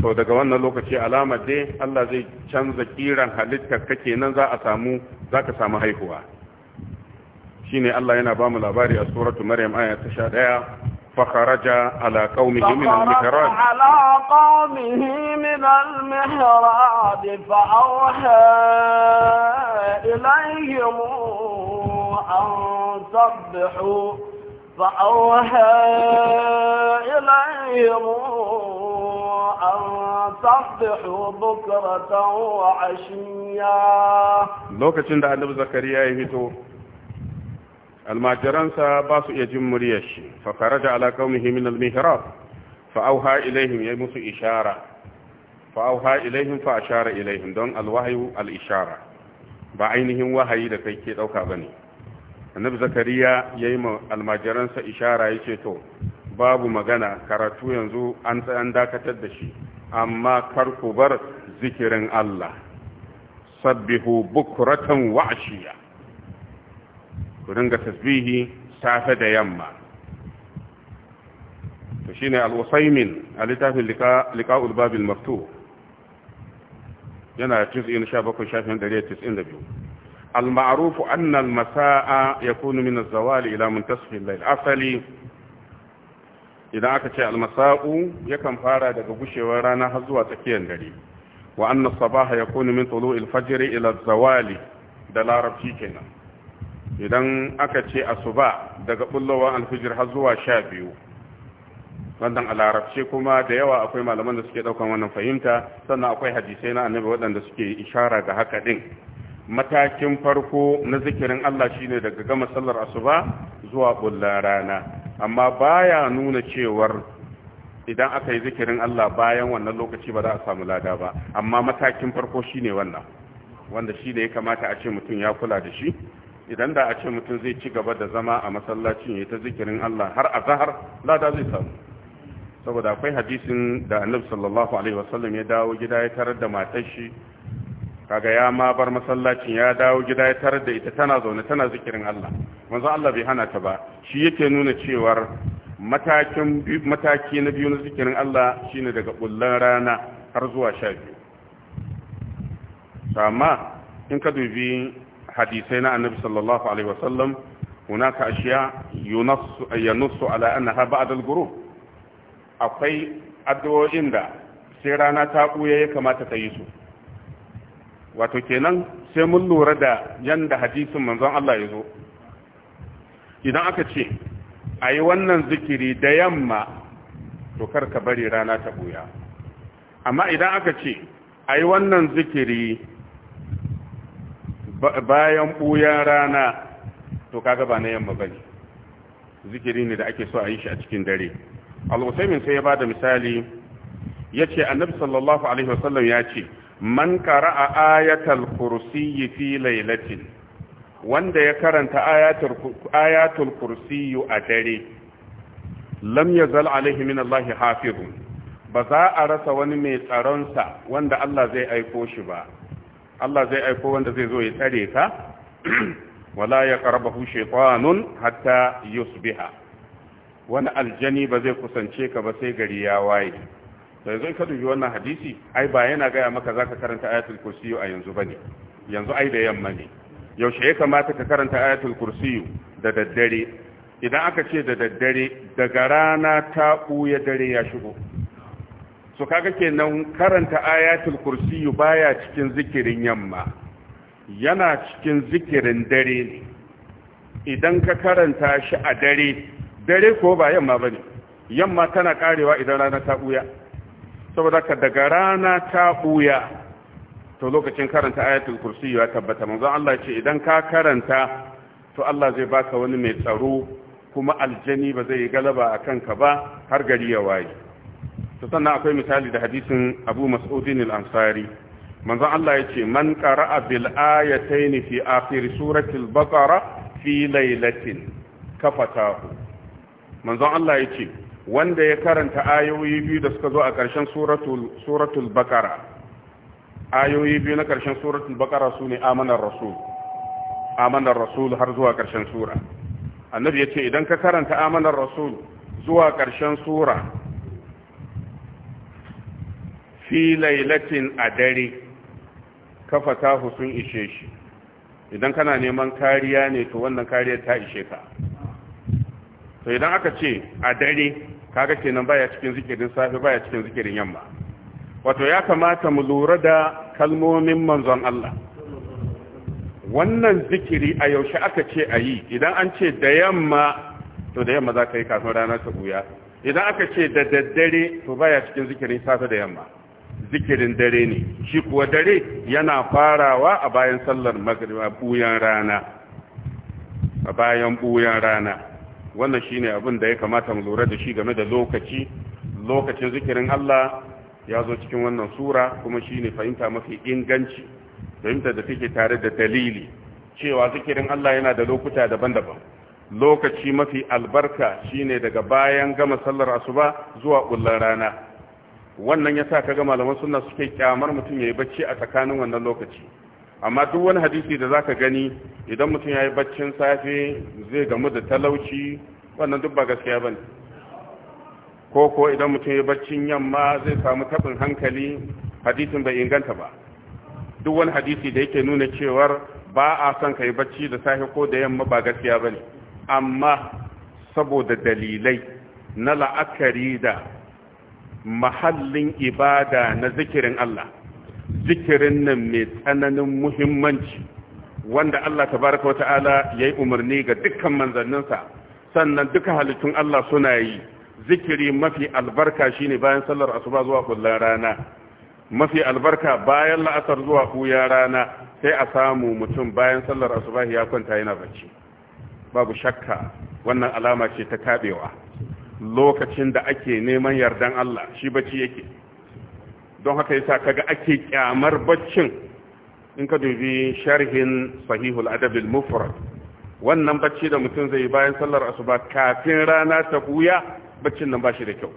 to daga wannan lokaci alamar dai Allah zai canza kiran halittar ka kenan za a samu zaka samu haihuwa shine Allah yana ba mu labari a suratu maryam aya ta 11 فخرج على قومه من المحراب على قومه من المحراب فأوحى إليهم أن سبحوا فأوحى إليهم أن سبحوا بكرة وعشيا لو كنت عند زكريا يهتو almajiransa ba su iya jin muryar shi fa kharaja ala qaumihi min al fa auha ilaihim ya musu ishara fa auha ilaihim fa ashara ilaihim don alwahyu al'ishara. ba ainihin wahayi da kai ke dauka bane annabi zakariya yayi ma almajiransa ishara yace to babu magana karatu yanzu an tsayan dakatar da shi amma kar ku bar zikirin Allah sabbihu bukratan wa ashiya ku ringa tasbihi safe da yamma to shine al-usaymin a littafin liqa'ul babil maftuh yana 97 shafin da dare 192 al-ma'ruf anna al-masa'a yakunu min az-zawali ila muntasfi al-layl asali idan aka ce al-masa'u yakan fara daga gushewar rana har zuwa tsakiyar dare wa anna as-sabaha yakunu min tulu'il fajr ila az-zawali da larabci kenan idan aka ce asuba daga bullowa alfijir har zuwa sha biyu wannan a larabce kuma da yawa akwai malaman da suke daukan wannan fahimta sannan akwai hadisai na annabi waɗanda suke ishara ga haka ɗin matakin farko na zikirin Allah shine daga gama sallar asuba zuwa bullar rana amma baya nuna cewar idan aka yi zikirin Allah bayan wannan lokaci ba za a samu lada ba amma matakin farko shine wannan wanda shi ne ya kamata a ce mutum ya kula da shi idan da a ce mutum zai ci gaba da zama a masallacin ya ta zikirin Allah har a zahar lada zai samu saboda akwai hadisin da annabi sallallahu alaihi wasallam ya dawo gida ya tarar da matar shi kaga ya ma bar masallacin ya dawo gida ya tarar da ita tana zaune tana zikirin Allah manzo Allah bai hana ta ba shi yake nuna cewa matakin mataki na biyu na zikirin Allah shine daga kullun rana har zuwa sha biyu amma in ka dubi hadisai na annabi sallallahu alaihi wasallam hunaka ashiya yunassu ala annaha ba'da al-ghurub akwai addu'o'in da sai rana ta buya ya kamata ta yi su wato kenan sai mun lura da yanda hadisin manzon Allah ya zo idan aka ce ayi wannan zikiri da yamma to kar ka bari rana ta buya amma idan aka ce ayi wannan zikiri bayan buyan rana to kaga ba na yamma bane zikiri ne da ake so a yi shi a cikin dare al-usaymin sai ya bada misali yace annabi sallallahu alaihi wasallam ya ce man qara'a ayatal kursiyyi fi lailatin wanda ya karanta ayatul ayatul kursiyyu a dare lam yazal alaihi min Allah hafizun ba za a rasa wani mai tsaronsa wanda Allah zai aiko shi ba Allah zai aiko wanda zai zo ya tsare ka wala ya qarabahu shaytanun hatta yusbiha wani aljani ba zai kusance ka ba sai gari ya waye sai zo ka dubi wannan hadisi ai ba yana gaya maka zaka karanta ayatul kursi a yanzu bane yanzu ai da yamma ne yaushe ya kamata ka karanta ayatul kursi da daddare idan aka ce da daddare daga rana ta ɓuya dare ya shigo so kaga kenan karanta ayatul kursiyu baya cikin zikirin yamma yana cikin zikirin dare idan ka karanta shi a dare dare ko ba yamma bane yamma tana karewa idan rana ta buya saboda ka daga rana ta buya to lokacin karanta ayatul kursiyu ya tabbata manzo Allah ce idan ka karanta to Allah zai baka wani mai tsaro kuma aljani ba zai galaba akan ka ba har gari ya waye to sannan akwai misali da hadisin Abu Mas'udin al-Ansari manzo Allah yace man qara'a bil ayatayn fi akhir surati al-Baqara fi laylatin kafatahu manzo Allah yace wanda ya karanta ayoyi biyu da suka zo a ƙarshen suratul suratul baqara ayoyi biyu na ƙarshen suratul baqara sune amanar rasul amanar rasul har zuwa ƙarshen sura annabi ce idan ka karanta amanar rasul zuwa ƙarshen sura fi lailatin a dare ta sun ishe shi idan kana neman kariya ne to wannan kariya ta ishe ka to idan aka ce a dare kaga kenan baya cikin zikirin safe baya cikin zikirin yamma wato ya kamata mu lura da kalmomin manzon Allah wannan zikiri a yaushe aka ce a yi idan an ce da yamma to da yamma za ka yi kafin rana ta buya idan aka ce da daddare to baya cikin zikirin safe da yamma zikirin dare ne shi kuwa dare yana farawa a bayan sallar magriba buyan rana a bayan buyan rana wannan shine abin da ya kamata mu lura da shi game da lokaci lokacin zikirin Allah ya zo cikin wannan sura kuma shine fahimta mafi inganci fahimta da take tare da dalili cewa zikirin Allah yana da lokuta daban-daban lokaci mafi albarka shine daga bayan gama sallar asuba zuwa kullar rana wannan yasa kaga malaman sunna suke kyamar mutum yayi bacci a tsakanin wannan lokaci amma duk wani hadisi da zaka gani idan mutum yayi baccin safe zai gamu da talauci wannan duk ba gaskiya bane ko ko idan mutum yayi baccin yamma zai samu tabin hankali hadisin bai inganta ba duk wani hadisi da yake nuna cewar ba a son kai bacci da safe ko da yamma ba gaskiya bane amma saboda dalilai na la'akari da mahallin ibada na zikirin Allah zikirin nan mai tsananin muhimmanci wanda Allah tabaraka wa ta'ala ya yi umarni ga dukkan manzanninsa sannan duka halittun Allah suna yi zikiri mafi albarka shine bayan sallar asuba zuwa kullun rana mafi albarka bayan la'asar zuwa kuya rana sai a samu mutum bayan sallar asuba ya kwanta yana bacci babu shakka wannan alama ce ta kabewa lokacin da ake neman yardan Allah shi bacci yake don haka yasa kaga ake kyamar baccin in ka dubi sharhin sahihul al mufrad wannan bacci da mutum zai bayan sallar asuba kafin rana ta huya baccin nan bashi da kyau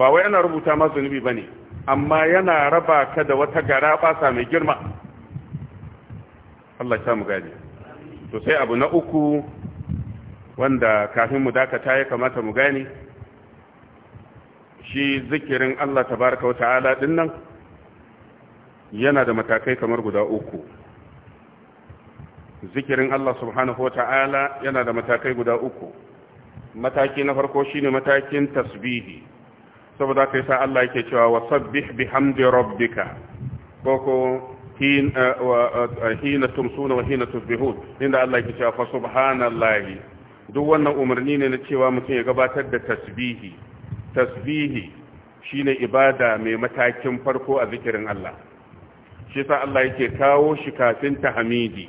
ba wai ana rubuta ma zunubi bane amma yana raba ka da wata gara basa mai girma Allah ya mu to sai abu na uku wanda kafin mu dakata ya kamata mu gane. shi zikirin Allah tabaraka wa ta'ala dinnan, yana da matakai kamar guda uku zikirin Allah subhanahu wa ta'ala yana da matakai guda uku mataki na farko shine matakin tasbihi saboda kai sa Allah yake cewa wasabbih bihamdi rabbika koko eh, eh, hina tumsuna wa hina tusbihun inda Allah yake cewa fa subhanallahi duk wannan umarni ne na cewa mutum ya gabatar da tasbihi tasbihi shine ibada mai matakin farko a zikirin Allah shi sa Allah yake kawo shi kafin tahmidi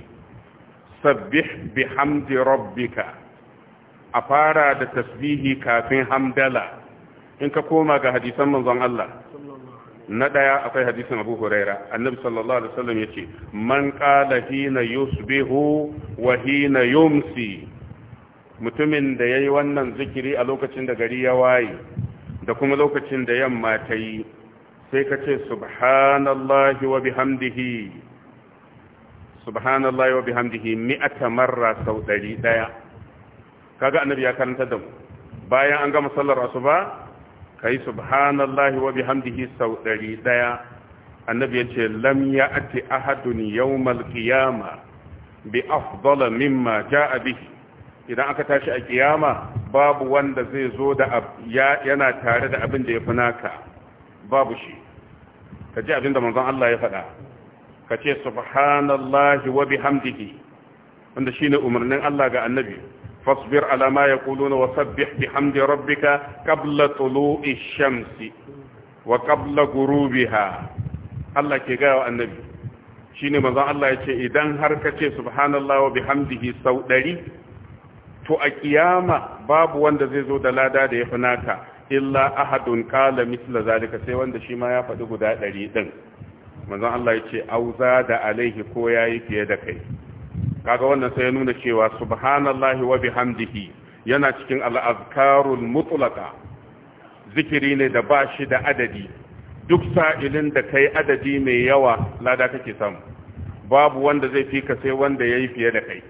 sabbih bihamdi rabbika a fara da tasbihi kafin hamdala in ka koma ga hadisan manzon Allah na daya akwai hadisin Abu Huraira annabi sallallahu alaihi wasallam yace man qala hina yusbihu wa hina yumsi mutumin da yayi wannan zikiri a lokacin da gari ya waye da kuma lokacin da yamma ta yi sai ka ce subhanallahi wa bihamdihi subhanallahi wa bihamdihi mi'ata marra sau ɗari ɗaya kaga annabi ya karanta da mu bayan an gama sallar asuba kai subhanallahi wa bihamdihi sau ɗari ɗaya annabi ya ce lam ya ati ahadun yawmal qiyama bi afdala mimma ja'a bihi idan aka tashi a kiyama babu wanda zai zo da yana tare da abin da ya fi naka babu shi ka ji abin da manzon Allah ya faɗa ka ce subhanallahi wa bihamdihi wanda shine umarnin Allah ga annabi fasbir ala ma yaquluna wa sabbih bihamdi rabbika qabla tulu'i shamsi wa qabla ghurubiha Allah ke gaya wa annabi shine manzon Allah ya ce idan har ka ce subhanallahi wa bihamdihi sau ɗari. to a kiyama babu wanda zai zo da lada da ya fi naka illa ahadun kala mithla zalika sai wanda shi ma ya faɗi guda ɗari ɗin manzon Allah ya ce auza da alaihi ko ya yi fiye da kai kaga wannan sai ya nuna cewa subhanallahi wa bihamdihi yana cikin al'azkarul mutlaka zikiri ne da ba shi da adadi duk sa'ilin da kai adadi mai yawa lada kake samu babu wanda zai fi ka sai wanda ya yi fiye da kai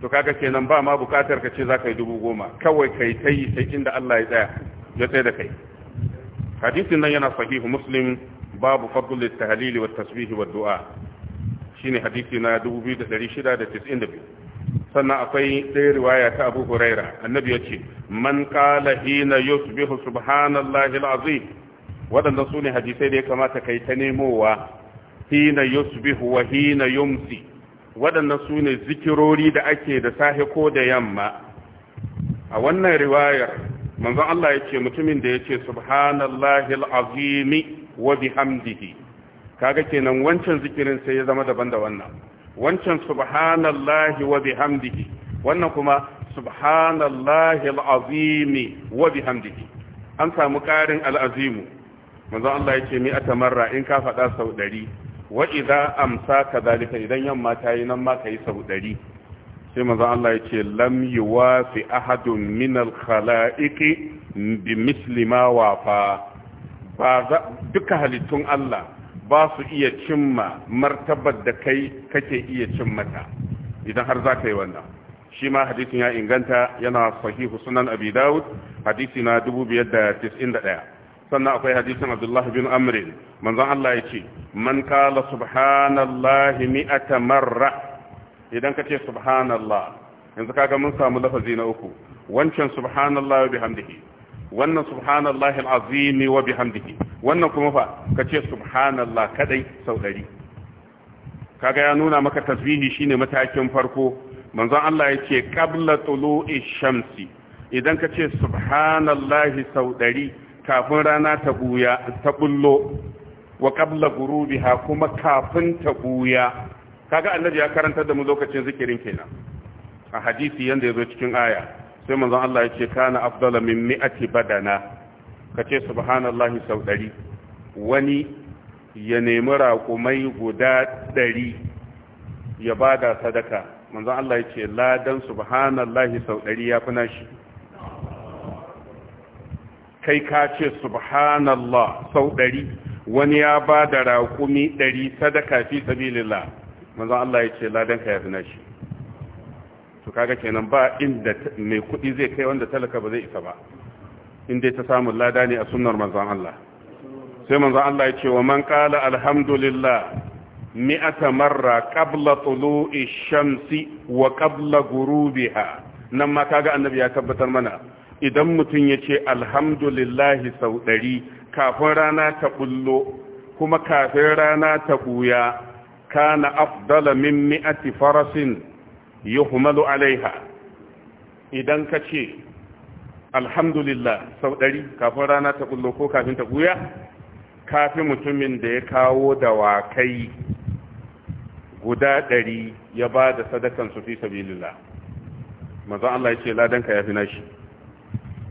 to kaga kenan ba ma bukatar ka ce za ka yi dubu goma kawai kai ta yi sai inda Allah ya tsaya ya tsaya da kai hadisin nan yana sahihu muslim babu fadl at-tahlil wa tasbih wa du'a shine hadisi na 2692 sannan akwai ɗaya riwaya ta Abu Huraira annabi yace man qala hina yusbihu subhanallahi al wadannan sune hadisai da ya kamata kai ta nemowa hina yusbihu wa hina yumsi waɗannan su ne zikirori da ake da sahi ko da yamma a wannan riwayar manzon Allah ya ce mutumin da ya ce subhanallahi al'azimi wa bihamdihi kaga kenan wancan zikirin sai ya zama daban da wannan wancan subhanallahi wa bihamdihi wannan kuma subhanallahi al'azimi wa bihamdihi an samu ƙarin al'azimu manzon Allah ya ce mi atamarra in ka faɗa sau ɗari wa idza amsa kadhalika idan yamma ta yi nan ma kai sau ɗari sai manzo Allah yace lam yuwafi ahadun min al-khalaiqi bi misli ma wafa ba duka halittun Allah ba su iya cimma martabar da kai kake iya cimmata idan har za ka yi wannan shi ma hadisin ya inganta yana sahihu sunan abi da'ud hadisi na 2591 sannan akwai hadisin abdullah bin amrin manzon Allah ya ce man kala subhanallahi mi'ata marra idan ka ce subhanallah yanzu kaga mun samu lafazi na uku wancan subhanallahi bihamdihi wannan subhanallahi alazim wa bihamdihi wannan kuma fa ka ce subhanallah kadai sau 100 kaga ya nuna maka tasbihi shine matakin farko manzon Allah ya ce qabla tulu'i shamsi idan ka ce subhanallahi sau ɗari kafin rana ta buya ta bullo wa qabla gurubiha kuma kafin ta buya kaga annabi ya karanta da mu lokacin zikirin kenan a hadisi yanda yazo cikin aya sai manzon Allah yace kana afdala min mi'ati badana kace subhanallahi sau 100 wani ya nemi raƙumai guda 100 ya bada sadaka manzon Allah yace ladan subhanallahi sau 100 yafi nashi kai ka ce subhanallah sau ɗari wani ya ba da raƙumi ɗari sadaka fi sabilillah manzon Allah ya ce ladan ka yafi nashi to kaga kenan ba inda mai kuɗi zai kai wanda talaka ba zai isa ba inda ta samu lada ne a sunnar manzon Allah sai manzon Allah ya ce wa man kala alhamdulillah mi'ata marra qabla tulu'i shamsi wa qabla Gurubiha nan ma kaga annabi ya tabbatar mana idan mutum ya ce alhamdulillahi sau ɗari kafin rana ta bullo kuma kafin rana ta ɓuya kana afdala min mi'ati farasin humalu alaiha idan ka ce alhamdulillah sau ɗari kafin rana ta ɓullo ko kafin ta ɓuya kafin mutumin da ya kawo da dawakai guda ɗari ya ba da sadakan su fi sabilillah maza Allah ya ce ladanka ya fi nashi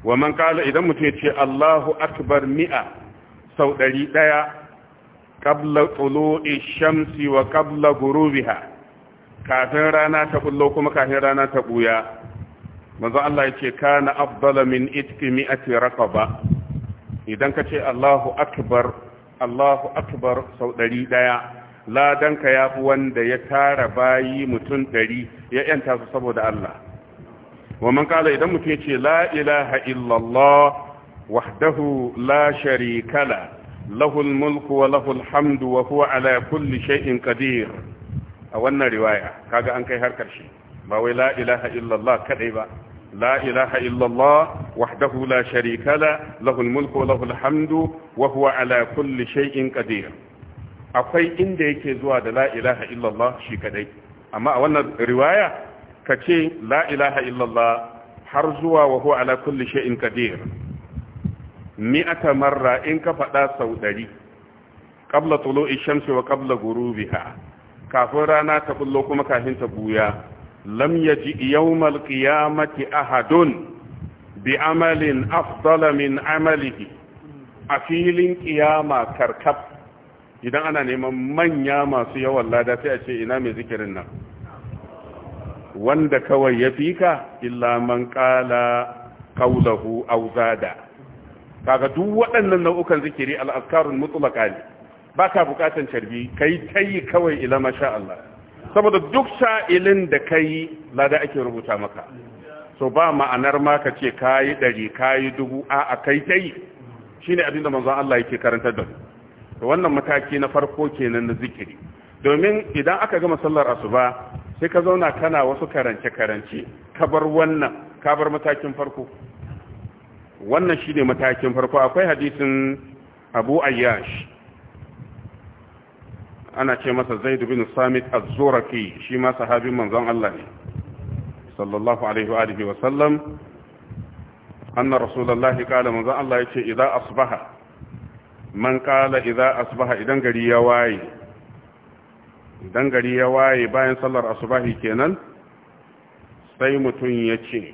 wa man kala idan mutum ya ce Allahu akbar mi'a sau ɗari ɗaya qabla tulu'i shamsi wa qabla gurubiha kafin rana ta bullo kuma kafin rana ta ɓuya manzo Allah ya ce kana afdala min itqi mi'ati raqaba idan ka ce Allahu akbar Allahu akbar sau ɗari ɗaya ladanka ya fi wanda ya tara bayi mutum ɗari ya ‘yanta su saboda Allah wa man kala idan mutum yace la ilaha illallah wahdahu la sharika la lahu mulku wa lahu alhamdu wa huwa ala kulli shay'in a wannan riwaya kaga an kai har karshe ba wai la ilaha illallah ba لا إله إلا الله وحده لا شريك له له الملك وله الحمد وهو على كل شيء قدير akwai inda yake zuwa da la ilaha illallah shi kadai amma a wannan riwaya ka ce la ilaha illallah har zuwa wa huwa ala kulli shay'in qadir mi'ata marra in ka faɗa sau ɗari ƙabla tulu'i shamsi wa gurubi ha kafin rana ta bullo kuma kafin ta buya lam yaji yawmal qiyamati ahadun bi amalin afdala min amalihi a filin ƙiyama karkab idan ana neman manya masu yawan lada sai a ce ina mai zikirin nan wanda kawai ya fi ka illa man qala qawluhu aw zada kaga duk waɗannan nau'ukan zikiri al-azkarun mutlaqa ne baka bukatan carbi kai tayi kawai ila masha Allah saboda duk sa'ilin da kai lada ake rubuta maka so ba ma'anar ma ka ce kayi ɗari kayi dubu a a kai tayi shine abinda da manzon Allah yake karantar da to wannan mataki na farko kenan na zikiri domin idan aka gama sallar asuba sai ka zauna kana wasu karance-karance ka bar wannan ka bar matakin farko wannan shi ne matakin farko akwai hadisin abu ayyash ana ce masa zaidu bin samit az-zurafi shi ma sahabin manzon Allah ne sallallahu alaihi wa alihi wa sallam anna rasulullahi qala manzon Allah ya yace idza asbaha man qala idza asbaha idan gari ya waye dan gari ya waye bayan sallar asubahi kenan sai mutum ya ce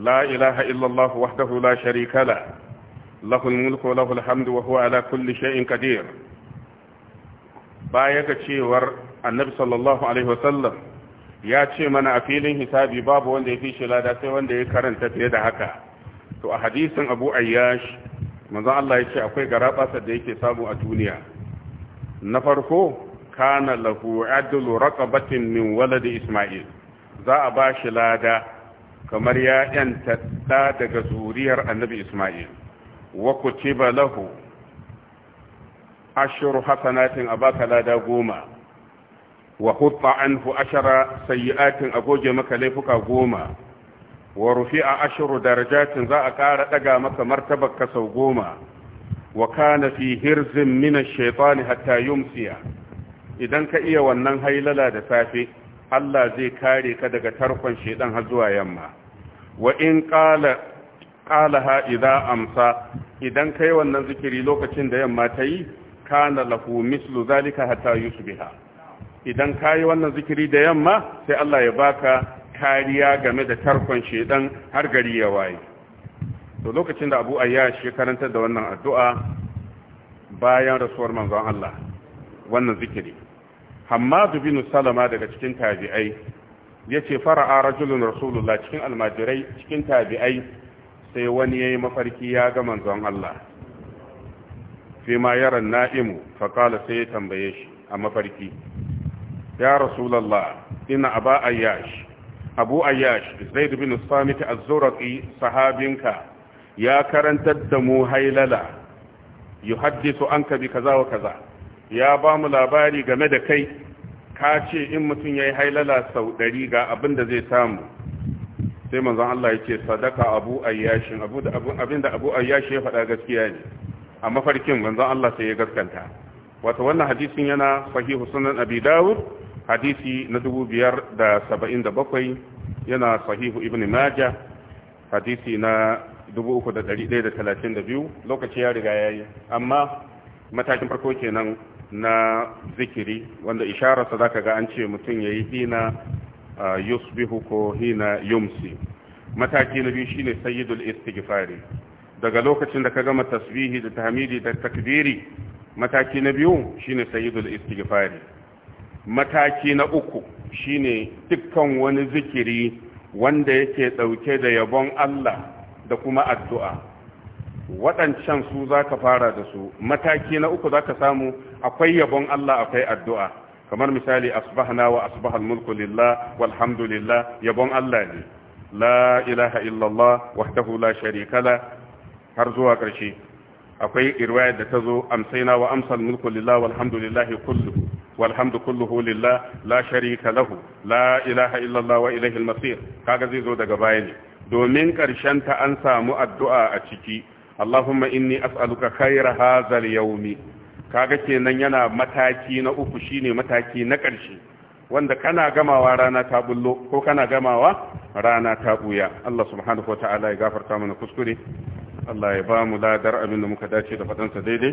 la ilaha illallah wahdahu la sharika la lahul mulku wa huwa ala kulli shay'in qadir baya ga cewar annabi sallallahu alaihi wasallam ya ce mana a filin hisabi babu wanda ya fi shi lada sai wanda ya karanta fiye da haka to a hadisin abu ayyash manzo Allah ya ce akwai garabasa da yake samu a duniya na farko kana lahu adlu raqabatin min waladi isma'il za a ba shi lada kamar ya yanta da daga zuriyar annabi isma'il wa kutiba lahu ashru hasanatin abaka lada goma wa hutta anhu ashara sayyi'atin agoge maka laifuka goma wa rufi'a ashru darajatin za a ƙara daga maka martabar ka sau goma wa kana fi hirzin min ash-shaytan hatta yumsiya idan ka iya wannan hailala da safe Allah zai kare ka daga tarkon shedan har zuwa yamma wa in qala qalaha idza amsa idan kai wannan zikiri lokacin da yamma ta yi kana lahu mislu zalika hatta yusbiha idan kai wannan zikiri da yamma sai Allah ya baka kariya game da tarkon shedan har gari ya waye to lokacin da abu ayyash ya karanta da wannan addu'a bayan rasuwar manzon Allah wannan zikiri hammad bin salama daga cikin tabi'ai yace fara'a rajulun rasulullahi cikin almajirai cikin tabi'ai sai wani yayi mafarki ya ga manzon Allah fi ma yara na'imu faqala sai ya tambaye shi a mafarki ya rasulullahi ina aba ayyash abu ayyash zai bin samit az sahabinka ya karantar da mu hailala yuhaddisu anka bi kaza wa kaza ya ba mu labari game da kai ka ce in mutum yayi hailala sau dari ga abin da zai samu sai manzon Allah ce sadaka abu ayyashin abu da abu abinda ayyashi ya faɗa gaskiya ne a mafarkin manzon Allah sai ya gaskanta wato wannan hadisin yana fahimu sunan abi dawud hadisi na dubu biyar da saba'in da bakwai yana sahihu ibn majah hadisi na dubu uku da ɗari ɗaya da talatin da biyu lokaci ya riga ya yi amma matakin farko kenan na zikiri wanda ishararsa za ka ga an ce mutum ya yi hina yusbihu ko hina yumsi mataki na biyu shine sayyidul istighfari daga lokacin da ka gama tasbihi da tahmidi da takbiri mataki na biyu shine sayyidul istighfari mataki na uku shine dukkan wani zikiri wanda yake ɗauke da yabon Allah da kuma addu'a waɗancan su za ka fara da su mataki na uku za ka samu akwai yabon Allah akwai addu'a kamar misali asbahna wa asbahal mulku lillah walhamdulillah yabon Allah ne la ilaha illallah wahdahu la sharika la har zuwa ƙarshe akwai irwaya da ta zo amsaina wa amsal mulku lillah walhamdulillah kullu والحمد كله لله لا شريك له لا إله إلا الله وإليه المصير kaga zai zo daga baya ne domin karshen ta an samu addu'a a ciki Allahumma inni as'aluka khayra hadha al-yawm kaga kenan yana mataki na uku shine mataki na ƙarshe wanda kana gamawa rana ta bullo ko kana gamawa rana ta buya Allah subhanahu wataala ya gafarta mana kuskure Allah ya ba mu ladar abin da muka dace da faɗansa daidai